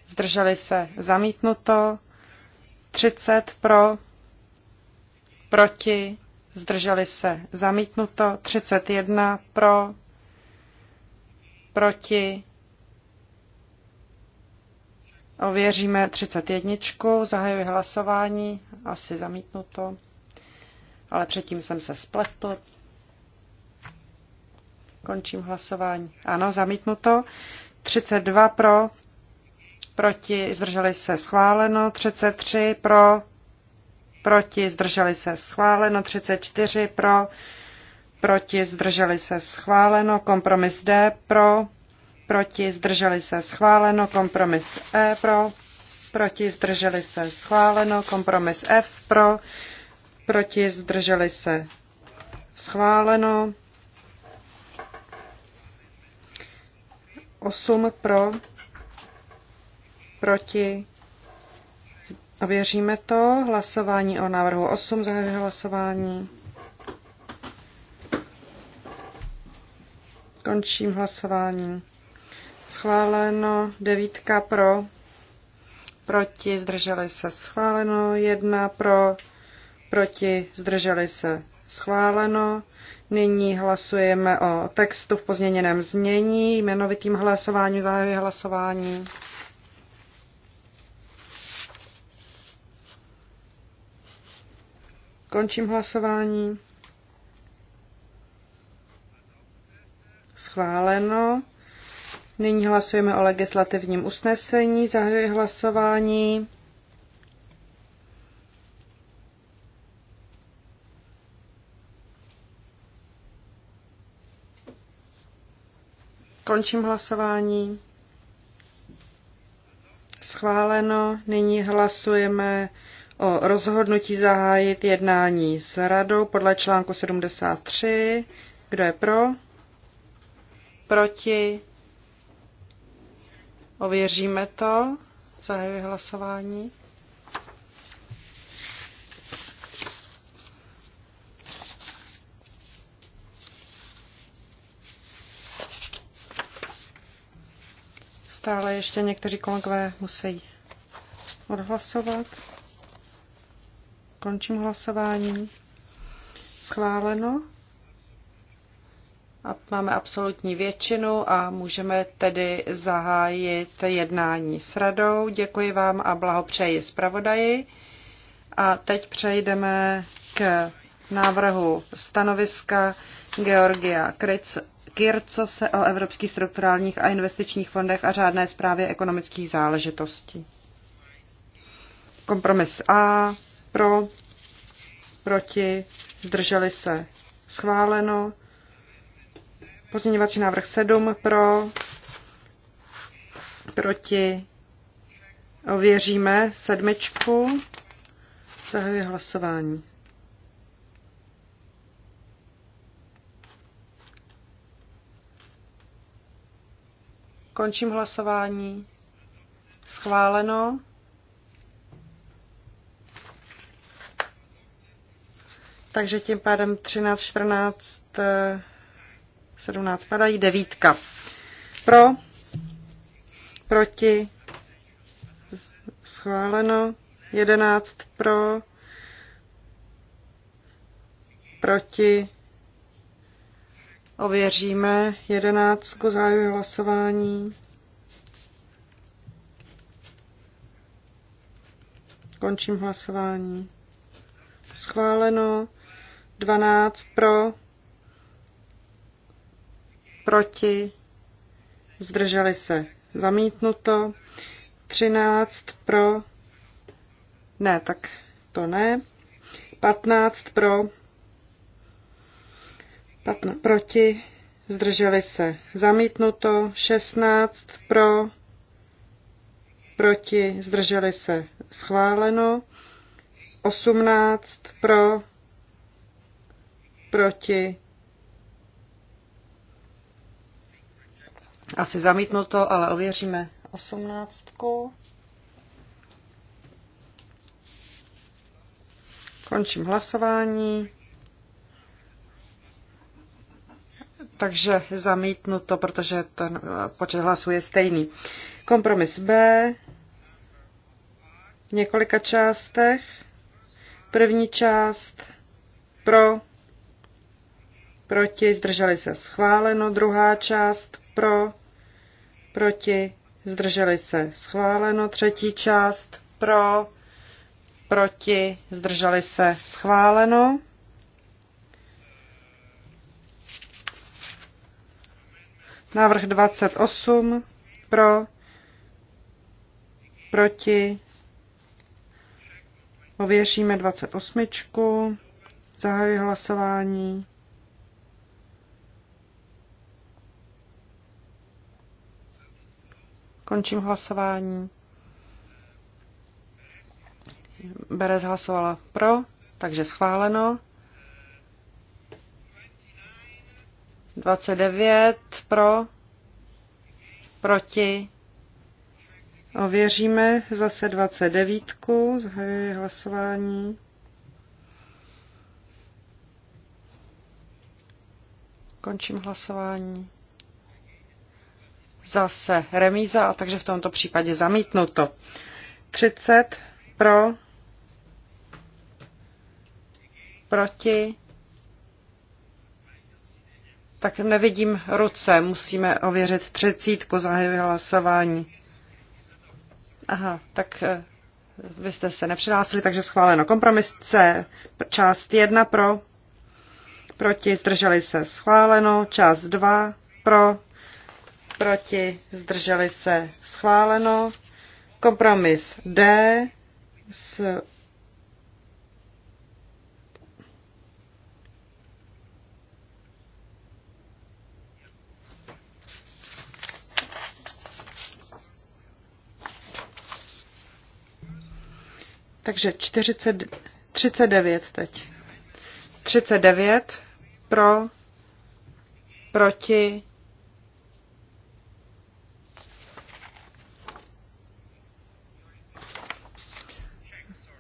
zdrželi se, zamítnuto. 30 pro, proti, zdrželi se zamítnuto, 31 pro, proti, ověříme 31, zahajuji hlasování, asi zamítnuto, ale předtím jsem se spletl. Končím hlasování. Ano, zamítnuto. 32 pro, proti, zdrželi se schváleno, 33 pro, proti, zdrželi se schváleno, 34 pro, proti, zdrželi se schváleno, kompromis D pro, proti, zdrželi se schváleno, kompromis E pro, proti, zdrželi se schváleno, kompromis F pro, proti, zdrželi se schváleno, 8 pro, proti, Ověříme to. Hlasování o návrhu 8. Zahajuji hlasování. Končím hlasování. Schváleno. Devítka pro. Proti. Zdrželi se. Schváleno. Jedna pro. Proti. Zdrželi se. Schváleno. Nyní hlasujeme o textu v pozměněném znění. Jmenovitým hlasování zahajuji hlasování. Končím hlasování. Schváleno. Nyní hlasujeme o legislativním usnesení. Zahajuji hlasování. Končím hlasování. Schváleno. Nyní hlasujeme o rozhodnutí zahájit jednání s radou podle článku 73. Kdo je pro? Proti? Ověříme to. Zahajuji hlasování. Stále ještě někteří kolegové musí odhlasovat. Končím hlasování. Schváleno. A máme absolutní většinu a můžeme tedy zahájit jednání s radou. Děkuji vám a blahopřeji zpravodaji. A teď přejdeme k návrhu stanoviska Georgia Kric Kircose o evropských strukturálních a investičních fondech a řádné zprávě ekonomických záležitostí. Kompromis A pro, proti, zdrželi se, schváleno. Pozměňovací návrh 7 pro, proti, ověříme sedmičku, zahajuji hlasování. Končím hlasování. Schváleno. Takže tím pádem 13, 14, 17 padají, devítka. Pro, proti, schváleno, 11 pro, proti, ověříme, 11 zahajuji hlasování. Končím hlasování. Schváleno. 12 pro, proti, zdrželi se, zamítnuto, 13 pro, ne, tak to ne, 15 pro, 15 proti, zdrželi se, zamítnuto, 16 pro, proti, zdrželi se, schváleno, 18 pro, proti, asi zamítnuto, ale ověříme osmnáctku. Končím hlasování. Takže zamítnuto, protože ten počet hlasů je stejný. Kompromis B v několika částech. První část pro proti, zdrželi se schváleno, druhá část pro, proti, zdrželi se schváleno, třetí část pro, proti, zdrželi se schváleno. Návrh 28 pro, proti, ověříme 28. Zahajuji hlasování. Končím hlasování. Berez hlasovala pro, takže schváleno. 29 pro, proti. Ověříme zase 29. Zahajuji hlasování. Končím hlasování zase remíza, a takže v tomto případě zamítnuto. 30 pro, proti, tak nevidím ruce, musíme ověřit třicítku, zahajuji hlasování. Aha, tak eh, vy jste se nepřihlásili, takže schváleno. Kompromis C, část 1 pro, proti, zdrželi se, schváleno, část 2 pro, proti, zdrželi se, schváleno. Kompromis D s Takže 40, 39 teď. 39 pro, proti,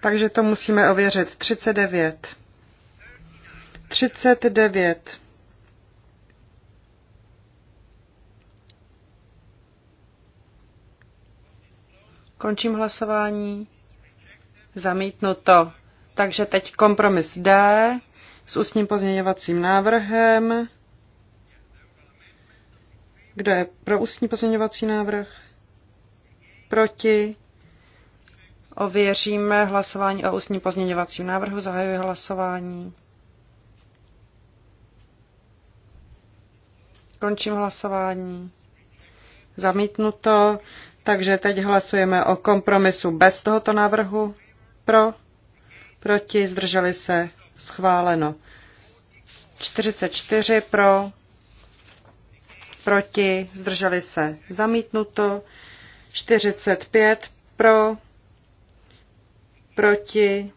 Takže to musíme ověřit. 39. 39. Končím hlasování. Zamítnuto. Takže teď kompromis D s ústním pozměňovacím návrhem. Kdo je pro ústní pozměňovací návrh? Proti? Ověříme hlasování o ústním pozměňovacím návrhu. Zahajuji hlasování. Končím hlasování. Zamítnuto. Takže teď hlasujeme o kompromisu bez tohoto návrhu. Pro, proti, zdrželi se, schváleno. 44 pro, proti, zdrželi se, zamítnuto. 45 pro, proti,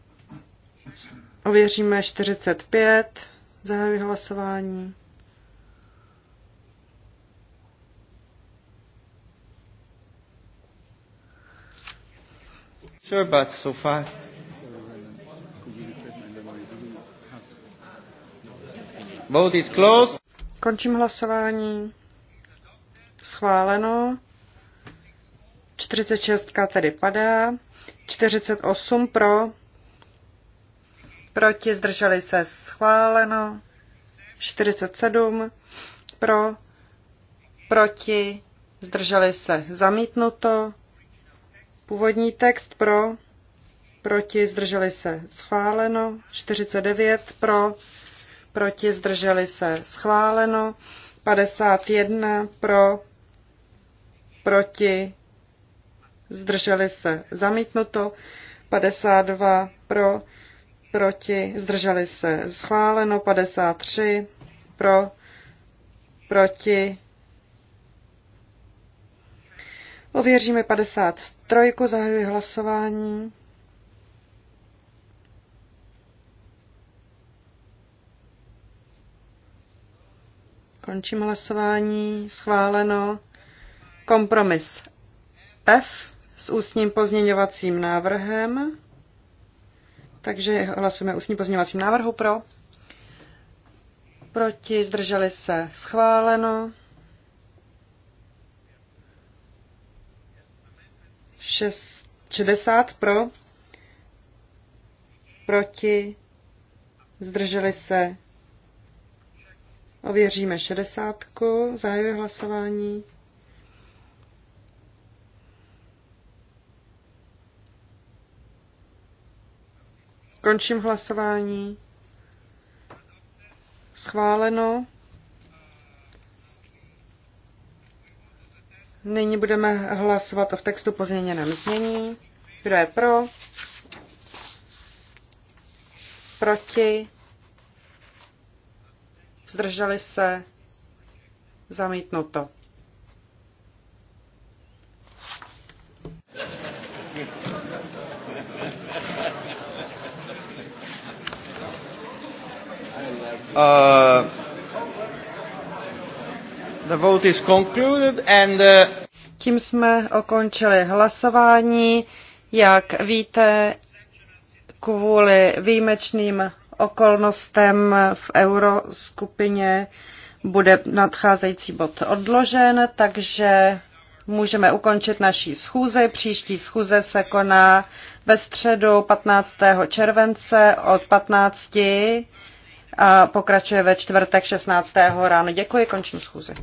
ověříme 45, zahajuji hlasování. Sure, but so far. Vote is closed. Končím hlasování. Schváleno. 46 tedy padá. 48 pro, proti, zdrželi se schváleno, 47 pro, proti, zdrželi se zamítnuto, původní text pro, proti, zdrželi se schváleno, 49 pro, proti, zdrželi se schváleno, 51 pro, proti, zdrželi se zamítnuto, 52 pro, proti, zdrželi se schváleno, 53 pro, proti, Ověříme 53, zahajuji hlasování. Končím hlasování. Schváleno. Kompromis F s ústním pozměňovacím návrhem. Takže hlasujeme ústní pozměňovacím návrhu pro. Proti zdrželi se schváleno. Šest, 60 pro. Proti zdrželi se. Ověříme šedesátku. Zahajuji hlasování. Končím hlasování. Schváleno. Nyní budeme hlasovat o v textu pozměněném znění. Kdo je pro? Proti? Zdrželi se? Zamítnuto. Uh, the vote is concluded and, uh, Tím jsme okončili hlasování. Jak víte, kvůli výjimečným okolnostem v euroskupině bude nadcházející bod odložen, takže můžeme ukončit naší schůzi. Příští schůze se koná ve středu 15. července od 15 pokračuje ve čtvrtek 16. ráno. Děkuji, končím schůzi.